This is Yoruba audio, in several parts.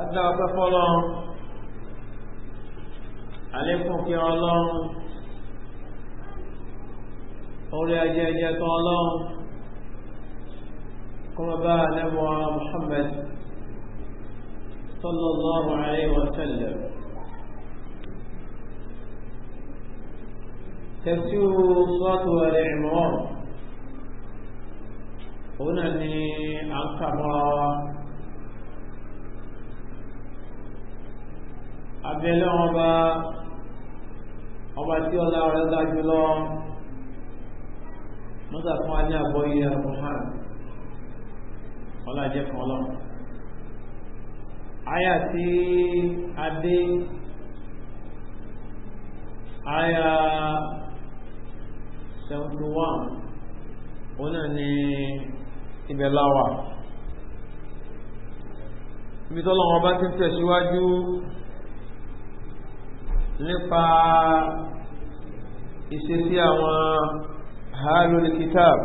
adá ọpẹ́ fọ́lọ́run àlékún kí ọlọ́run orí ajẹjẹ tó ọlọ́run kọmọ bá lẹ́wọ̀ Muhammad sallallahu alaihi wa sallam tafsir sọ́tù ìmọ̀ òun náà ni à ń kà mọ́ra wa abẹ́lẹ́ ọba ọba tí ọlá rẹ̀ dájú lọ mọ́tà fún wa ní àgbọ́yé alùpùpù ọlájẹ́ kan lọ. Aya tí a dé aya 71 òun náà ni ibẹ̀ láwà. Ibi tọ́lọ́wọ́ bá ti ń tẹ̀síwájú. nípa ìṣesí àwọn ahlul kitab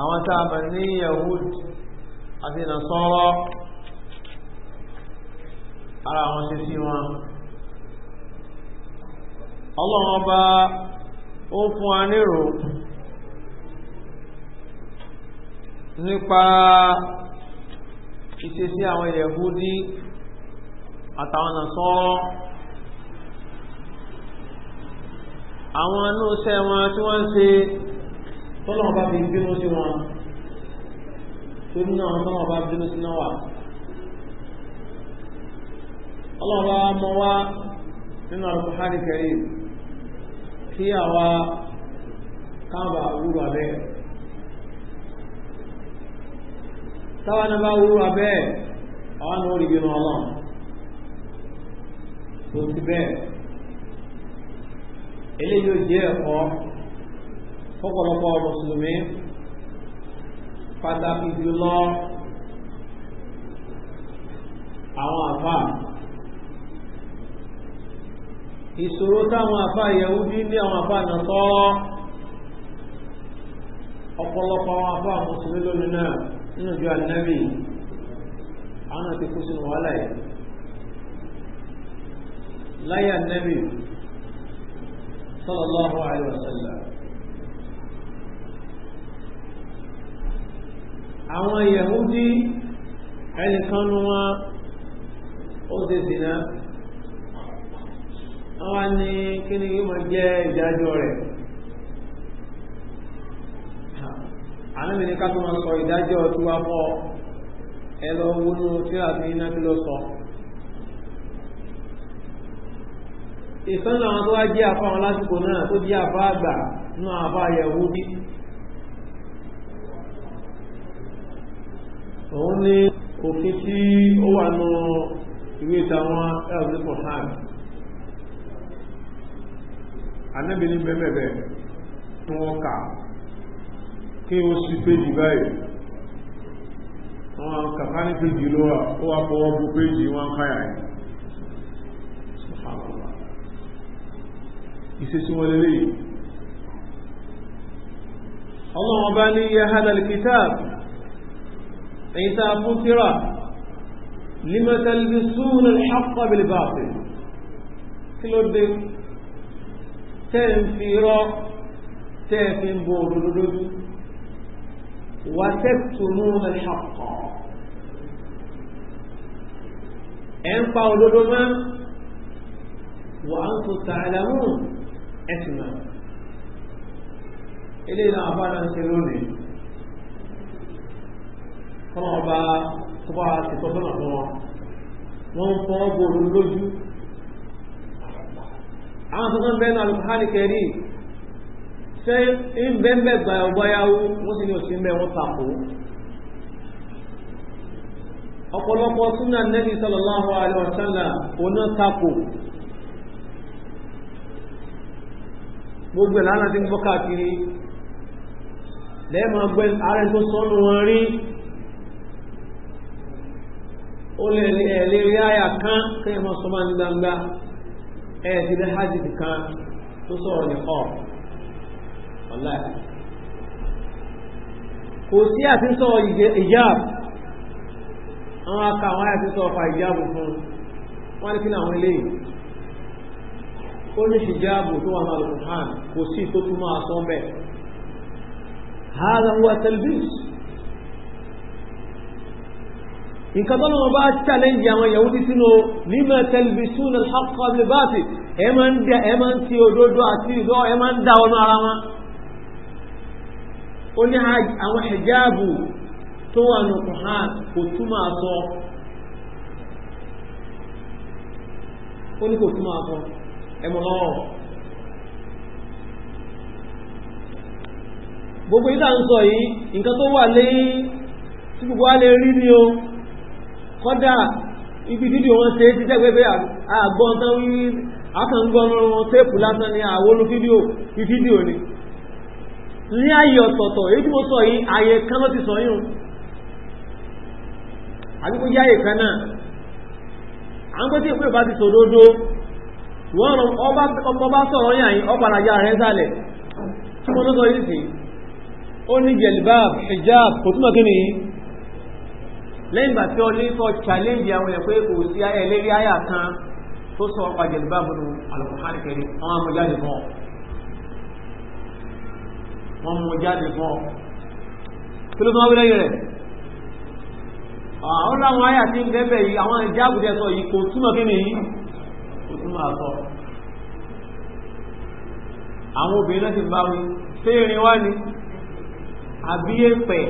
àwọn táàmà ní yahud àti nasara ara àwọn ṣesí wọn ọlọ́wọ́n bá ó fún wa nírò nípa ìṣesí àwọn yahudi àtàwọn ọ̀nà àwọn anúṣẹ́ wọn tí wọ́n ń ṣe tọ́lọ́wọ́ bá fi bínú sí wọn torí náà tọ́lọ́wọ́ bá bínú sí náà wà ọlọ́wọ́ bá wá nínú Al-Qur'ani Karim kí àwa káàbà wúrò táwọn náà bá àwọn náà rí bínú ọlọ́run tó fi bẹ́ẹ̀ eléyìí yóò jẹ́ ẹ̀kọ́ fọ́pọ̀lọpọ̀ mùsùlùmí pàtàkì jùlọ isoro àfà ìṣòro táwọn àfà Yẹhudi ní àwọn na nàtọ́rọ́ ọ̀pọ̀lọpọ̀ àwọn àfà mùsùlùmí lónìí náà nínú ìjọ ànábì àwọn àti láyà nẹ́bì sallallahu alaihi wasallam àwọn yahudi ẹnìkanu wọn ó ti sìnà wọn ní kí ni yóò máa jẹ́ ìdájọ́ rẹ̀ àmì ní ká tó máa sọ ìdájọ́ tí wá ẹ lọ wọnú tí a fi iná kí ló sọ ìkan náà àwọn tó wá jẹ́ àfa wọn lásìkò náà tó jẹ́ àfa àgbà nínú àfa àyẹ̀wò bí. òun ní òfin tí ó wà nù ìwé ìtàwọn ẹ̀rọ Qur'an anábì ní bẹ́ẹ̀bẹ́ẹ̀ tí wọ́n kà kí ó sì péjì báyìí wọ́n kàkà péjì ló wà ó wà fọwọ́ bu péjì wọn káyà yìí ìṣesí wọn lélẹ́yìí ọlọ́run bá ní yẹ hadal kitab ẹ̀yìn tá a fún tíra limatalbisuna al-haqqa bil-batil kí ló dé tẹ́ ń fi rọ́ tẹ́ fi ń bo òdòdójú wà taktumuna al-haqqa ẹ̀ ń pa òdòdó mọ́ wà antum ta'lamun ẹ̀sìn ilé ìlànà àbára ń ṣe lónìí kọ́nà ọba tó bá ṣètọ́ sọ́nà fún wọn wọ́n ń fọ́ bòrò lójú àwọn tuntun bẹ́ẹ̀ náà lùkárì kẹrí ṣé ń bẹ́ẹ̀ gbàyà ọgbáyàwó wọ́n sì ní òsì ń bẹ́ẹ̀ wọ́n tàkó ọ̀pọ̀lọpọ̀ súnà nẹ́bí gbogbo ẹ̀ lánàá tí ń gbọ́ káàkiri lẹ́ẹ̀mọ̀ gbẹ́ ààrẹ tó sọ́nù wọn rí ó lè kan kí ẹmọ sọ ní gbangba ẹ̀ ti dẹ́ hajjid kan tó sọ̀rọ̀ ní ọ̀ ọ̀lá kò sí àti sọ̀rọ̀ ìjáàb àwọn aka àwọn àyà ti sọ̀rọ̀ fa ìjáàb fún wọn ní kí ni àwọn ó ní hijabu tó wà máa kùhán kò sí tó tún máa sọ bẹ́ẹ̀ hàdà wà talbis nǹkan tó lọ́wọ́ bá challenge àwọn Yahudi sínú lima talbisuna al-haqqa bil-batil ẹ máa ń dẹ ẹ máa ń ti òdodo àti ìdọ́ ẹ máa ń da ọ̀nà ara wọn ó ní àwọn hijabu tó wà ní kùhán kò tún máa ó ní kò tún máa ẹmọ lọ́wọ́ gbogbo ìdá ń sọ yìí nǹkan tó wà lé tí gbogbo a lè rí ní o kọ́dà ibi dídì wọn ṣe ti tẹ́gbẹ́gbẹ́ àgbọn tán wí akàngbọ́nrún tẹ́pù lásán ni àwọlú fídíò fi fídíò ni ní ayé ọ̀tọ̀ọ̀tọ̀ èyí tí mo sọ yìí ayé kan ló ti sọ yìí àbíkú jẹ́ ayé kan náà à ń pẹ́ tí ìpínlẹ̀ bá ti sòdodo wọ́n rọ ọkọ̀ bá sọ̀rọ̀ yàn yín ọ̀pàdà ya rẹ̀ sálẹ̀ tí mo lọ́sọ̀ yìí sí ó ní jẹ̀lbáàb hijab kò túnmọ̀ kí ni lẹ́yìn ìgbà tí ó ní sọ challenge àwọn èèyàn pé kò sí ẹlẹ́rí àyà kan tó sọ ọ̀pá jẹ̀lbáàb nù alùpùpù kẹrin wọ́n mú jáde fún ọ wọ́n mú jáde fún kí ló tún wọ́n wí lẹ́yìn rẹ̀ àwọn láwọn àyà tí ń bẹ́ẹ̀ yìí àwọn ìjáàbù ó tún máa sọ àwọn obìnrin náà ti bá wí ṣé irin wá ni àbí èpẹ̀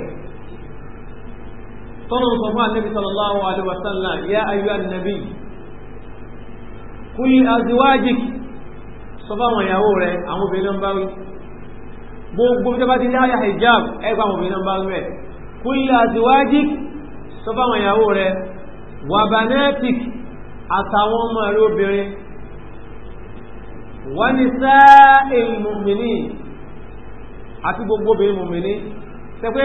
tọ́nà sọ fún ya ayyuhan nabi kul sọ fáwọn ìyàwó rẹ̀ àwọn obìnrin náà bá wí gbogbo tó ti láyà hijab ẹgbà àwọn obìnrin náà bá wí rẹ̀ kul sọ àtàwọn ọmọ rẹ̀ obìnrin wọ́n ni sẹ́ẹ̀ mùmìnì àti gbogbo obìnrin mùmìnì tẹ pé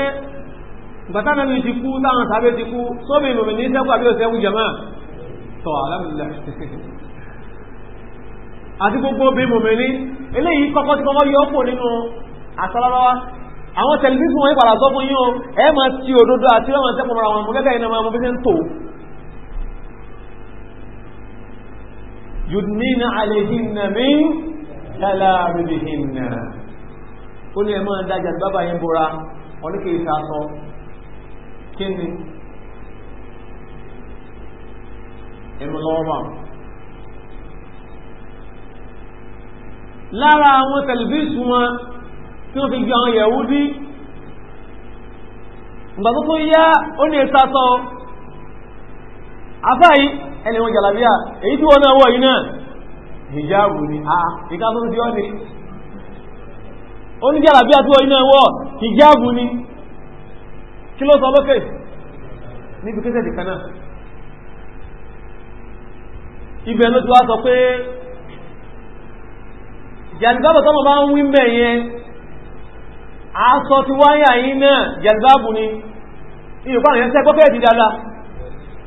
bàtà náà mi ti kú táwọn sábẹ́ ti kú sómi mùmìnì sẹ́kù àbí òsẹ́kù jẹ̀mọ́ tọ́ alámìlá àti gbogbo obìnrin mùmìnì eléyìí kọ́kọ́ ti kọ́kọ́ yọ ọ́pọ̀ nínú àtọ́lọ́lọ́wá àwọn tẹlifíṣàn wọn ìpàdà sọ fún yín o ẹ máa ti òdodo àti ọmọ sẹ́kù mọ́ra wọn mú gẹ́gẹ́ iná máa mú bí yudnina alayhinna min jalabibihinna ó ní ẹ̀mọ́ ìdájà bàbá yẹn bóra ọ̀nìkè ìsàsọ kí ni ẹ̀mọ́ lọ́wọ́ bá lára àwọn tẹlifíṣù wọn tí wọ́n fi gbé àwọn Yẹ̀húdí ìgbà tó tó yá ó ní ìsàsọ afáyìí ẹni wọn jàlàbíà èyí tí wọ́n náà wọ̀ yìí náà hijabu ni a ìka tó ti ọ́ ni oní jàlàbíà tí wọ́n yìí náà hijabu ni kí ló sọ lókè níbi kí sẹ́ẹ̀dì kan náà ibẹ̀ ló ti wá sọ pé jàlìbábù tọ́mọ bá ń wí mẹ́ aṣọ ti wáyà yìí náà jàlìbábù ni ìyókù àwọn yẹn sẹ́ pọ́kẹ́ẹ̀tì dáadáa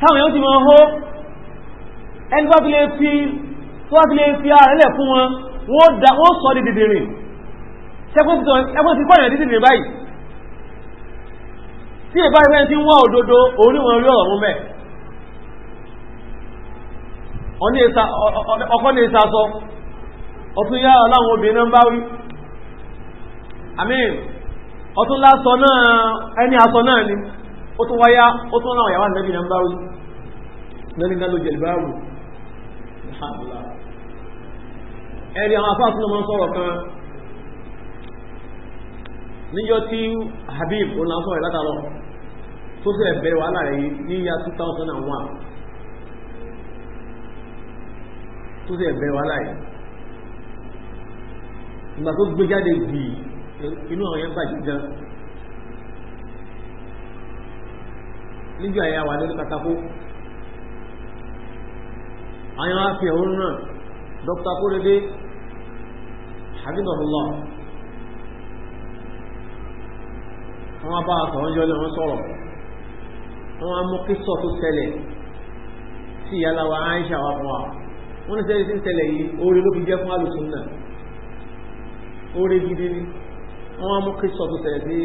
táwọn yóò ti mọ̀ hó ẹni tó fi lè fi tó fi lè fi ara rẹ̀ fún wọn wọ́n da wọ́n sọ di dìde rìn ẹkùn ti pọ̀yàn dídì rìn báyìí tí ìbá ìfẹ́ ti ń wá òdodo òun ni wọ́n rí ọ̀rọ̀ mú mẹ́ ọkọ́ ní ìsá sọ ọtún yá aláwọn obìnrin ń bá wí àmín ọtún lásọ náà ẹni asọ náà ni ó tún wáyá ó tún láwọn yàwá nẹ́bí náà ń báwí lórí náà ló jẹ̀lbáwù ẹ̀rí àwọn afá tún mọ́ sọ̀rọ̀ kan níjọ́ tí Habib ó náà sọ̀rọ̀ látàlọ́ tó sì ẹ̀bẹ̀rẹ̀ wàhálà rẹ̀ níyà 2001 tó sì ẹ̀bẹ̀rẹ̀ wàhálà rẹ̀ ìgbà tó gbé jáde bì inú àwọn yẹn bàjẹ́ gan níjọ́ àyà wà lórí katako àwọn afi ẹ̀hónú náà dr kórede habibullah wọn bá àtọ̀wọ́n jọ lé wọn sọ̀rọ̀ wọn mú kí sọ tó ṣẹlẹ̀ sí ìyálà wa Aisha wa fún wa wọn ní sẹ́yìn sí ń ṣẹlẹ̀ yìí oore ló fi jẹ́ fún alùsùn náà oore gidi ni wọn mú kí tó ṣẹlẹ̀ sí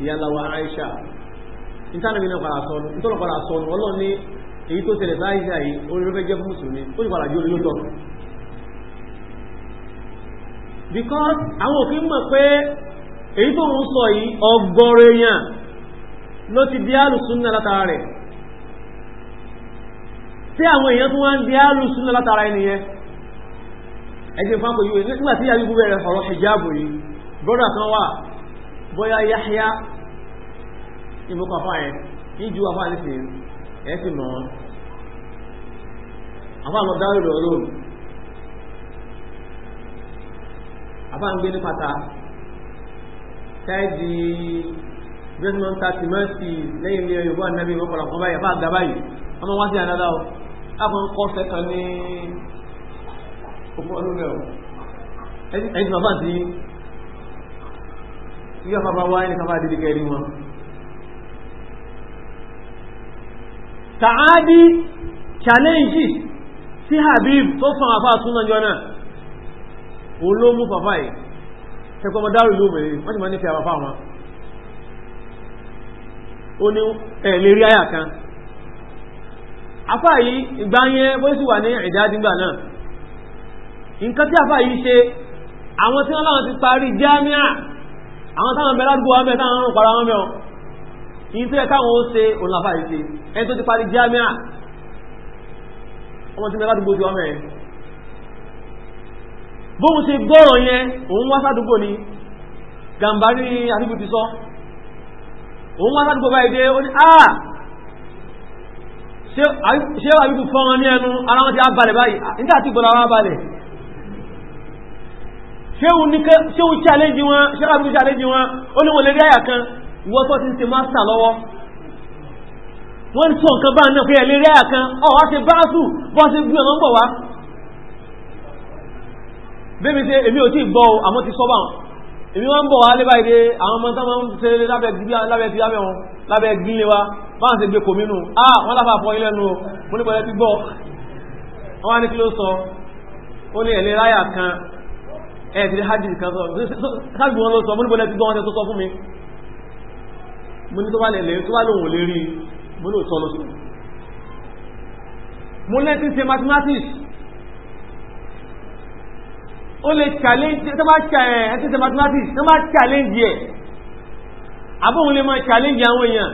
ìyálà wa Aisha ìtànàbí náà padà sọnù ìtọ́nà padà sọnù ọlọ́run ní èyí tó tẹ̀lẹ̀ sáyíṣà yìí orílẹ̀ jẹ́ fún mùsùlùmí ó sì padà jẹ́ olóyótọ́ because àwọn òfin mọ̀ pé èyí tó ń sọ yìí ọgọ́rọ̀ èèyàn ló ti di alùsùnà látara rẹ̀ tí àwọn èèyàn tó wá ń di alùsùnà látara ẹnìyẹn ẹgbẹ́ fáko yìí nígbà tí yàrá ìgbúbẹ̀rẹ̀ ọ̀rọ̀ hijabu yìí brọ́dà kan wà bóyá Yahya ìmúkọ̀ afá yẹn níjú afá ní sí ẹ̀ sì mọ̀ wọn afá lọ dáwọ́ ìlú ọlọ́run afá ń gbé ní pata káyìdì bẹ́sìmọ̀ ta tìmọ́tì lẹ́yìn ilé yorùbá nàbí ìwọ́pọ̀lọ̀ kan báyìí afá àgbà báyìí ọmọ wá sí àdáda o afọ ń kọ́ sẹ́kàn ní òpó ọdún rẹ̀ o ẹni tí bàbá ti yíyá bàbá wáyé ní kábàá dídí kẹrin wọn. tàádì challenge si Habib to fún àfáà súnà jọ náà papa yi, mú fàfá yìí ẹ̀kọ́ ọmọ dárò yóò bẹ̀rẹ̀ wọ́n ti máa nífẹ̀ẹ́ àfáà wọn ó ní ẹ̀lẹ́ rí àyà kan àfáà si àwọn tí láwọn ti parí jámíà àwọn táwọn táwọn yìí tó yẹ káwọn ó ṣe òun làbá yìí ṣe ẹni tó ti parí jámíà ọmọ tí mo bá dùgbò ti ọmọ ẹ bóun ṣe gbọ́rọ̀ yẹn òun wá sádùgbò ni gàmbárí àdúgbò ti sọ òun wá sádùgbò báyìí dé ó ní áà ṣé àbíkú fọ́n wọn ní ẹnu ara wọn ti á balẹ̀ báyìí nígbà tí gbọ́dọ̀ wọn á balẹ̀ ṣé òun challenge wọn ṣé àbíkú challenge wọn ó ní wọn lè rí àyà kan ìwọ́n tó ti ń ṣe mástà lọ́wọ́ wọ́n tó nǹkan bá náà pé ẹ̀ lè rí àkàn ọ̀wá ṣe bá sù bọ́ ṣe gbé ọ̀nà ń bọ̀ wá bébí ṣe èmi ò tí gbọ́ o àmọ́ ti sọ́bà èmi wọ́n ń bọ̀ wá lébà ìdè àwọn ọmọ tó máa ń ṣe lábẹ́ ti lábẹ́ wọn lábẹ́ gílé wa bá ń ṣe gbé kò mínú ah wọ́n láfà fọ ilẹ̀ nu mo ní bọ̀lẹ́ ti gbọ́ wọ́n wá ní kí ló sọ ó ní ẹ̀lẹ́ ráyà kan ẹ̀ẹ́dì hajj kan sọ mo ní tó bá lẹ̀lẹ̀ tó bá lòun lè rí mo lò tọ́lọ sí mo lẹ́tí ṣe mathematics ó lè challenge tó bá ẹ̀ẹ́tí ṣe mathematics tó bá challenge ẹ̀ àbóhun lè máa challenge àwọn èèyàn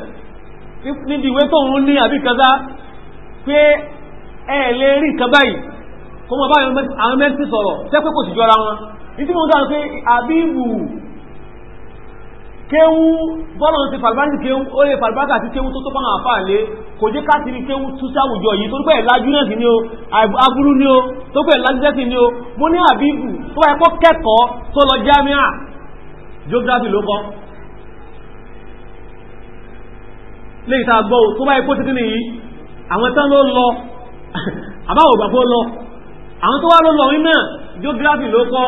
níbi ìwé tóun ní àbí kaza pé ẹ lè rí nǹkan báyìí kó mọ̀ bá àwọn mẹ́sì sọ̀rọ̀ tẹ́pẹ́ kò sì jọra wọn ní tí mo ń sọ pé àbí ìwù kéwú bọ́lọ̀n ti falbáńtì kéwú ó lè falbáńtà sí kéwú tó tó fáwọn àfáà lé kò jẹ́ káàkiri kéwú tú sáwùjọ yìí tó pẹ̀ lájú náà sí ni ó agbúrú ni ó tó pẹ̀ lájú náà sí ni ó mo ní àbíbù tó wáyé kó kẹ́kọ̀ọ́ tó lọ jámíà geography ló kọ́ lè ta gbọ́ tó wáyé kó títí nìyí àwọn tán ló lọ àbáwò gbàgbó lọ àwọn tó wá ló lọ nínú geography ló kọ́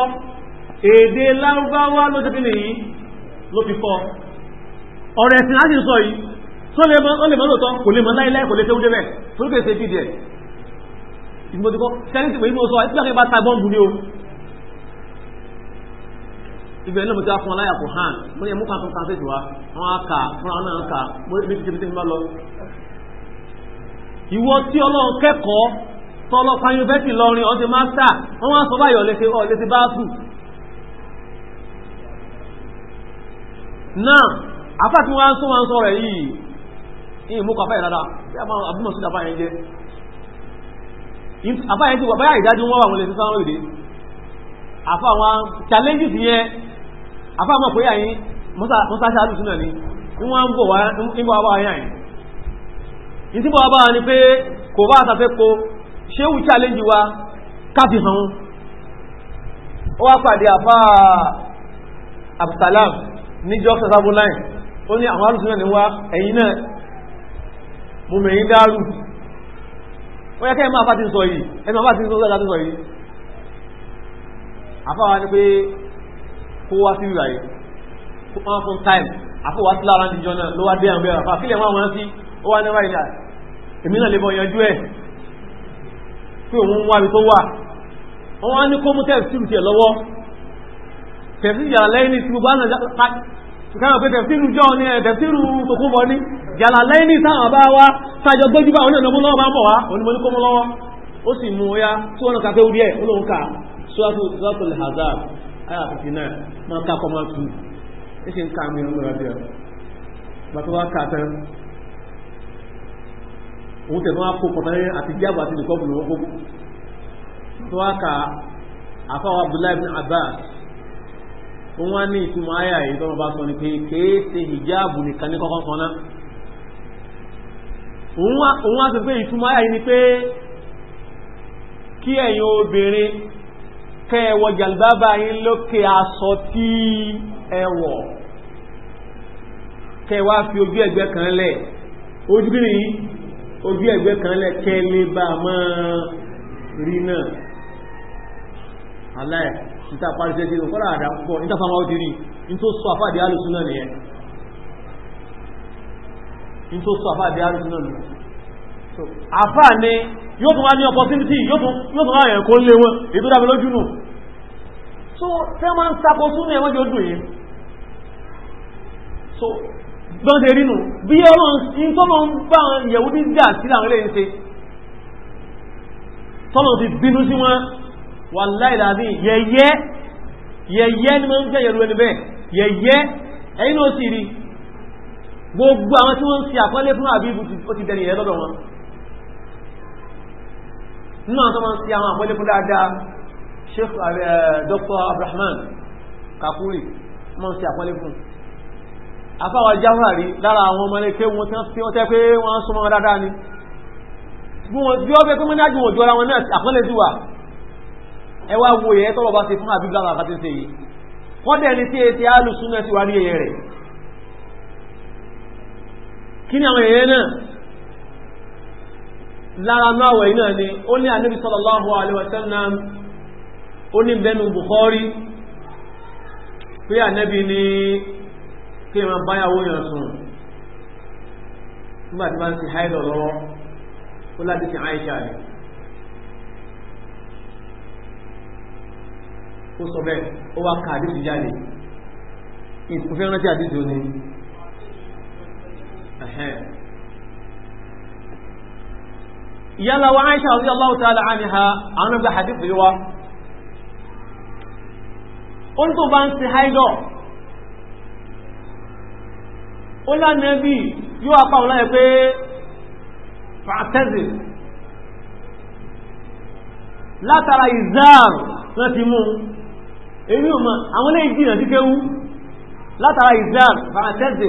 èdè lárúbáwá ló títí nìyí ló fi kọ́ ọ̀rọ̀ ẹ̀sìn láti sọ yìí tó lè mọ́ lóòtọ́ kò lè mọ́ láìláì kò lè tẹ́ oúnjẹ bẹ̀ tó lè ṣe fìdí ẹ̀ ìgbòdìkọ́ sẹ́ni ti pè mú sọ ẹgbẹ́ akẹ́kọ̀ọ́ ta bọ́ǹbù ni o ibẹ̀ ní ọmọdé afún aláyà kò hàn mo ní ẹmú kan tó kàfẹ́ jùwá wọn á kà fún àwọn náà kà mo ní ibi tí mo lọ. ìwọ tí ọlọ́run kẹ́kọ̀ọ́ tọ́lọ́pàá yunifásitì lọrin ọdún mástà wọ́n wá sọ báyọ̀ lẹ́sẹ̀ ọ̀ lẹ́sẹ̀ bá sùn náà afá tí wọ́n sọ wọ́n sọ rẹ̀ yìí ní ìmúkọ afá ìrada bí àwọn abúmọ̀ sí afá yẹn jẹ́ afá yẹn ti wà báyà ìdájú wọ́n wà wọn lè sí sáwọn èdè afá wọn challenges yẹn afá mọ̀ pé yàyín mọ́sá ṣáájú sínú ni wọ́n ń bọ̀ wá ń bọ̀ wá yàn ní tí bọ̀ wá bá wa ni pé kò bá àtàfẹ́ ko ṣéwù challenge wa káfí hàn ó wá pàdé afá absalam níjọ́ sàtàbó láì ó ní àwọn alùsùn náà ni wá ẹ̀yìn náà mú mẹ̀yìn dárù ó yẹ kẹ́ẹ̀ máa bá ti sọ yìí ẹni bá ti sọ sọ́dá ti sọ yìí àfáwa ni pé kó wá sí ìrà yìí kó máa fún time àfọwá sí lára níjọ́ náà ló wá dé àwọn ẹ̀rọ àfàkílẹ̀ wọn wọn sí ó wá níwá ìlà èmi náà lè bọ̀ yanjú ẹ̀ pé òun wá ibi tó wà wọ́n wá ní kó mú tẹ̀sí tìrù tiẹ̀ lọ́wọ́ tẹ̀sí ìyàrá lẹ́yìn ní ti gbogbo ìkáwọn pé tẹ̀síru jọ ní ẹ̀tẹ̀síru tòkúbọ ní yàlà lẹ́ni táwọn bá wá sájọ gbójúbà oní ọ̀nà múlọ́wọ́ bá ń bọ̀ wá onímọ̀ní kó múlọ́wọ́ ó sì mú ya tí wọ́n kà pé orí ẹ̀ olóhùn ká suratul hazard aya 59 máa ká kọ́ òun wá ní ìtumọ̀ àyà yìí tọ́lọ́ bá sọ ni pé kèé ṣe hijabu nìkan ní kọ́kọ́ kan náà òun wá sọ pé ìtumọ̀ àyà yìí ni pé kí ẹ̀yin obìnrin kẹ́ ẹ wọ jàlbábà yín lókè aṣọ tí ẹ wọ̀ kẹ́ ẹ wá fi ojú ẹ̀gbẹ́ kan lẹ̀ ojú kí ni ojú ẹ̀gbẹ́ kan lẹ̀ kẹ́ ẹ lè bá a máa rí náà aláì níta parisẹ́ tí ó kọ́lá àdá púpọ̀ níta fama ó ti rí in tó sọ àfáàdé alùsúnà nìyẹn in tó sọ àfáàdé alùsúnà nìyẹn àfáà ni yóò tún wá ní opportunity yóò tún wá ẹ̀kọ́ lé wọn èyí tó dábẹ́ lójú nù so tẹ́ máa ń sako súnú ẹ̀wọ́n tí ó dùn yìí so lọ́n ṣe rínú bí ọlọ́run tó lọ ń bá ìyẹ̀wò dídà sí àwọn ilé ń ṣe tọ́lọ̀ ti bínú sí wọn wàláì láàbí yẹyẹ yẹyẹ ni wọ́n ń jẹ́ yẹ̀rù ẹni bẹ́ẹ̀ yẹyẹ ẹ̀yìn ló sì rí gbogbo àwọn tí wọ́n ń ṣe àpọ́nlé fún àbíbù ó ti dẹni yẹn lọ́dọ̀ wọn nínú àwọn tó máa ń ṣe àwọn àpọ́nlé fún dáadáa Sheikh eh, Dr. Abdulrahman Kakuri máa ń ṣe àpọ́nlé fún afáwọn jáwúrà rí lára àwọn ọmọ ilé pé wọ́n fi wọ́n tẹ́ pé wọ́n á súnmọ́ dáadáa ni bí wọ́n bí wọ́n fẹ́ pé mọ́nájú ẹ wá wo yẹ tọ́wọ́ bá ṣe fún àbí bíláwà àbá ti ń ṣe yìí wọ́n dẹ̀ ní tí etí alùsùn náà ti wá rí ẹyẹ rẹ̀ kí ni àwọn ẹyẹ náà lára náà wẹ̀ náà ni ó ní ànábì sallallahu alaihi wasallam ó ní bẹ́nu Bukhari pé ànábì ní kí wọ́n báyàwó yàn sùn nígbà tí wọ́n ti háìlọ̀ lọ́wọ́ ó láti fi àìṣà rẹ̀ ó sọ bẹ́ẹ̀ ó wá ka àdìsí jáde ìfúnfẹ́ rántí àdìsí ó ní yálà wa Aisha radiyallahu ta'ala anha àwọn ọgbà àdìsí yìí wá ó ń tó bá ń ṣe haidọ̀ ó lánàá bí yóò apá òun láyé pé fàtẹ́zì látara ìzáàrù láti mú èmi ò mọ̀ àwọn lè jìnà sí kéwú látara islam fàtẹ́sì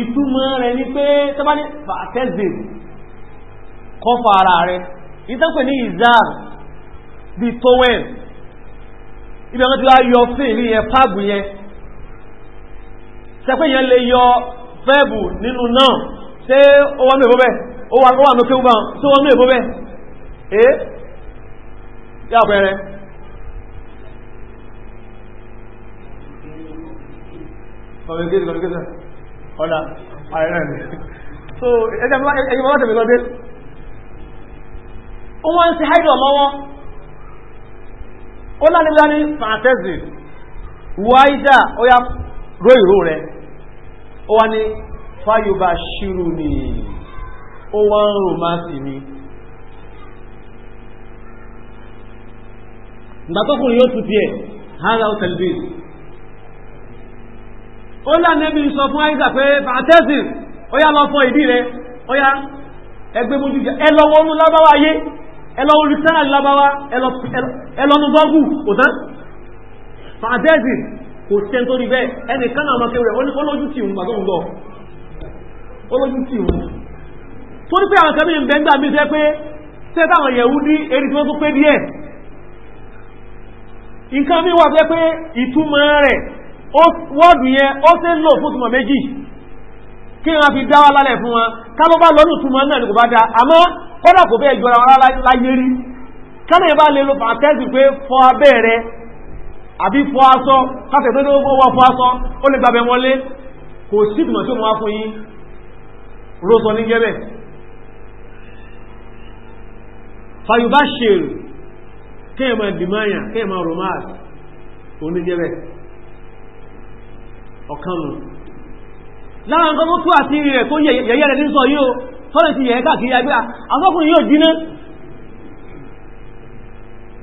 ìtumọ̀ rẹ̀ ni pé tọ́bálẹ̀ fàtẹ́sì kọ́ fara rẹ̀ ìtọ́pẹ̀ ní islam bí towel ibi ọ̀nà tí wá yọ fún ìlú yẹn fáàbù yẹn sẹ́pẹ̀ yẹn lè yọ fẹ́ẹ̀bù nínú náà ṣé ó wà mẹ́bọ́ bẹ́ẹ̀ ó wà mẹ́bọ́ bẹ́ẹ̀ ṣé ó wà mẹ́bọ́ bẹ́ẹ̀ communication communication ọ̀dà àìrẹ́ ni so ẹgbẹ́ bá tẹ̀mí lọ́dé ó wọ́n ń ṣe haidọ̀ lọ́wọ́ ó lálẹ́gbẹ́ ní fàtẹ́sì wáyídà ó yá ró ìró rẹ̀ ó wá ní fáyọba ṣírù ni ó wá ń rò máa sì ni ìgbà tó kùnrin yóò tutù ẹ̀ hàn out television ó lànẹ́bí sọ fún àìsà pé fàtẹ́sìn ó yá lọ fọ ìdí rẹ̀ ó yá ẹgbẹ́ mojú jẹ ẹlọ́wọ́ orú lábáwá ayé ẹlọ́wọ́ orí sára lábáwá ẹlọ́nu bọ́gù kò tán fàtẹ́sìn kò tẹ́ tó rí bẹ́ẹ̀ ẹnì kan náà mọ́kẹ́ rẹ̀ olójú tì ń gbàgbọ́n lọ olójú tì ń tó ní pé àwọn kẹ́mí ń bẹ́ńgbà mi jẹ́ pé tẹ́ táwọn yẹ̀wú ní eré tí wọ́n tó pé díẹ̀ nǹkan mi wà pé ìtumọ̀ rẹ̀ wọ́ọ̀dù yẹn ó tẹ́ lò fún túnmọ̀ méjì kí wọ́n fi dáwà lálẹ̀ fún wọn kálọ́ bá lọ́nù túnmọ̀ náà ní kò bá dá àmọ́ kọ́dà kò bẹ́ẹ̀ jọra wọn láyé rí kánà ìbá lè lo pàtẹ́sì pé fọ abẹ́ rẹ àbí fọ aṣọ káfẹ́ pé ó wọ́ fọ aṣọ ó lè gbàbẹ̀ wọlé ọ̀kan nù lára nǹkan tó tú àti rẹ̀ tó yẹ̀yẹ́ rẹ̀ ní sọ yíò tọ́lẹ̀ ti yẹ̀ẹ́ káàkiri agbé àtọ́kùnrin yóò jiná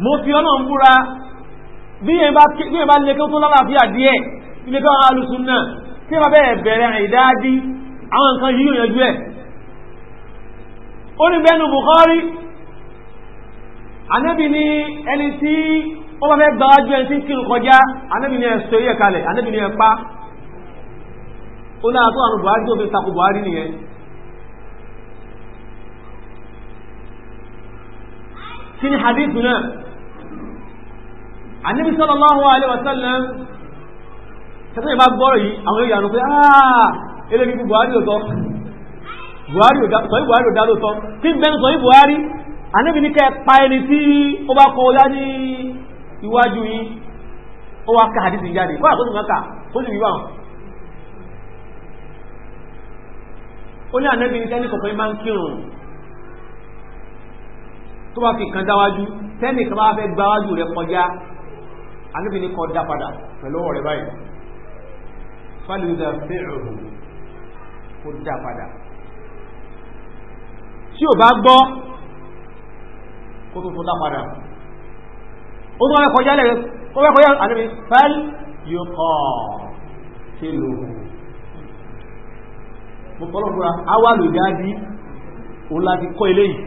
mo fi ọ̀nà ń búra bí yẹn bá lékẹ́ tó lálàáfíà díẹ̀ ilé kan alùsùn náà tí wọ́n bẹ̀rẹ̀ bẹ̀rẹ̀ àìdáadí àwọn nǹkan yíò yanjú ẹ̀ ó ní bẹ́nu Bukhari anẹ́bì ni ẹni tí ó bá fẹ́ gbáwájú ẹni tí kírù kọjá anẹ́bì ni ẹ̀ sọ yẹ kalẹ̀ anẹ́bì ni ẹ̀ pa ó lára tó àwọn buhari tó fi takò buhari nìyẹn kí ni hadith náà ànábì sallallahu alaihi wasallam tẹ́tẹ́ ìbá gbọ́rọ̀ yìí àwọn èèyàn rò pé àà ah, eléyìí bí buhari ò tọ́ buhari ò sọ buhari ò dá lóòótọ́ kí n bẹ́ẹ̀ sọ yìí buhari ànábì ní kẹ́ pa ẹni tí ó bá kọ ọlá ní iwájú yìí ó wá ka hadith jáde kó àkóso kan kà ó sì wíwá ó ní ànábì ní tẹ́nì kọ̀ọ̀kan bá ń kírun tó bá fi kan dáwájú tẹ́nì kan bá fẹ́ gbáwájú rẹ̀ kọjá ànábì ní kan dá padà pẹ̀lú ọ̀rẹ́ báyìí fálùdà fẹ́ẹ̀rù kó dá padà tí ò bá gbọ́ kó tó tún dá padà ó tún wọ́n kọjá lẹ́yìn ó fẹ́ kọjá ànábì fẹ́ẹ̀lì yóò kọ́ mo fọ́lọ́ fúra awàlù dáadí òun láti kọ́ ilé yìí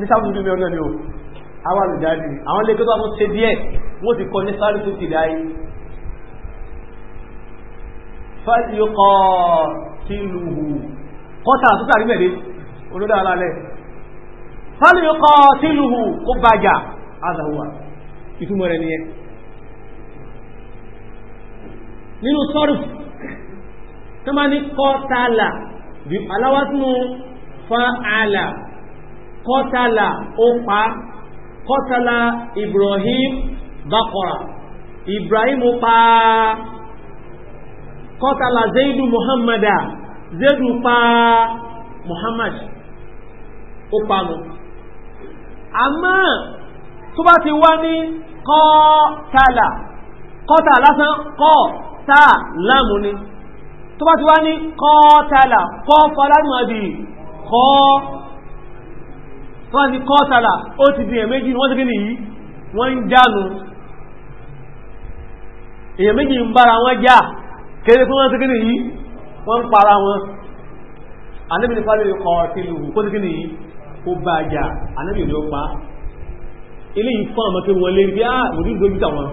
ní sáwọn ìdúnmí ọ̀nà ni o awàlù dáadí àwọn ilé kẹta wọ́n ṣe díẹ̀ wọ́n ti kọ́ ní sáré tó ti dáyé fàyíkọ́ tí lùhù kọ́ta tó tàrí mẹ́rẹ́ olódà alálẹ̀ fàyíkọ́ tí lùhù kó bàjá azàwà ìtumọ̀ rẹ̀ nìyẹn nínú sọ́rùfù tó máa ní kọ́tàlà aláwásínú fa'ala kọ́tàlà ó pa kọ́tàlà Ibrahim bakora Ibrahim pa kọ́tàlà zaidu muhammada zaidu pa muhammad ó pa nù àmọ́ tó bá ti wá ní kọ́tàlà kọ́tàlà lásán kọ́ tàà láàmù ni tó bá ti wá ní kọ́ọ̀tàlà kọ́ọ̀fọ́lámọ̀dì kọ́ wọ́n ti kọ́ọ̀tàlà ó ti di ẹ̀mẹ́jì wọ́n ti gínì yìí wọ́n ń jánu èyàn méjì ń bára wọn já kéré fún wọ́n ti gínì yìí wọ́n ń para wọn anábì ní fálẹ̀ kọ́ọ̀tìlù kó ti gínì yìí kó bá jà anábì ní ó pa ilé yìí fún àmọ́kẹ́ wọn lé bí á ah, mòdí dojú tàwọn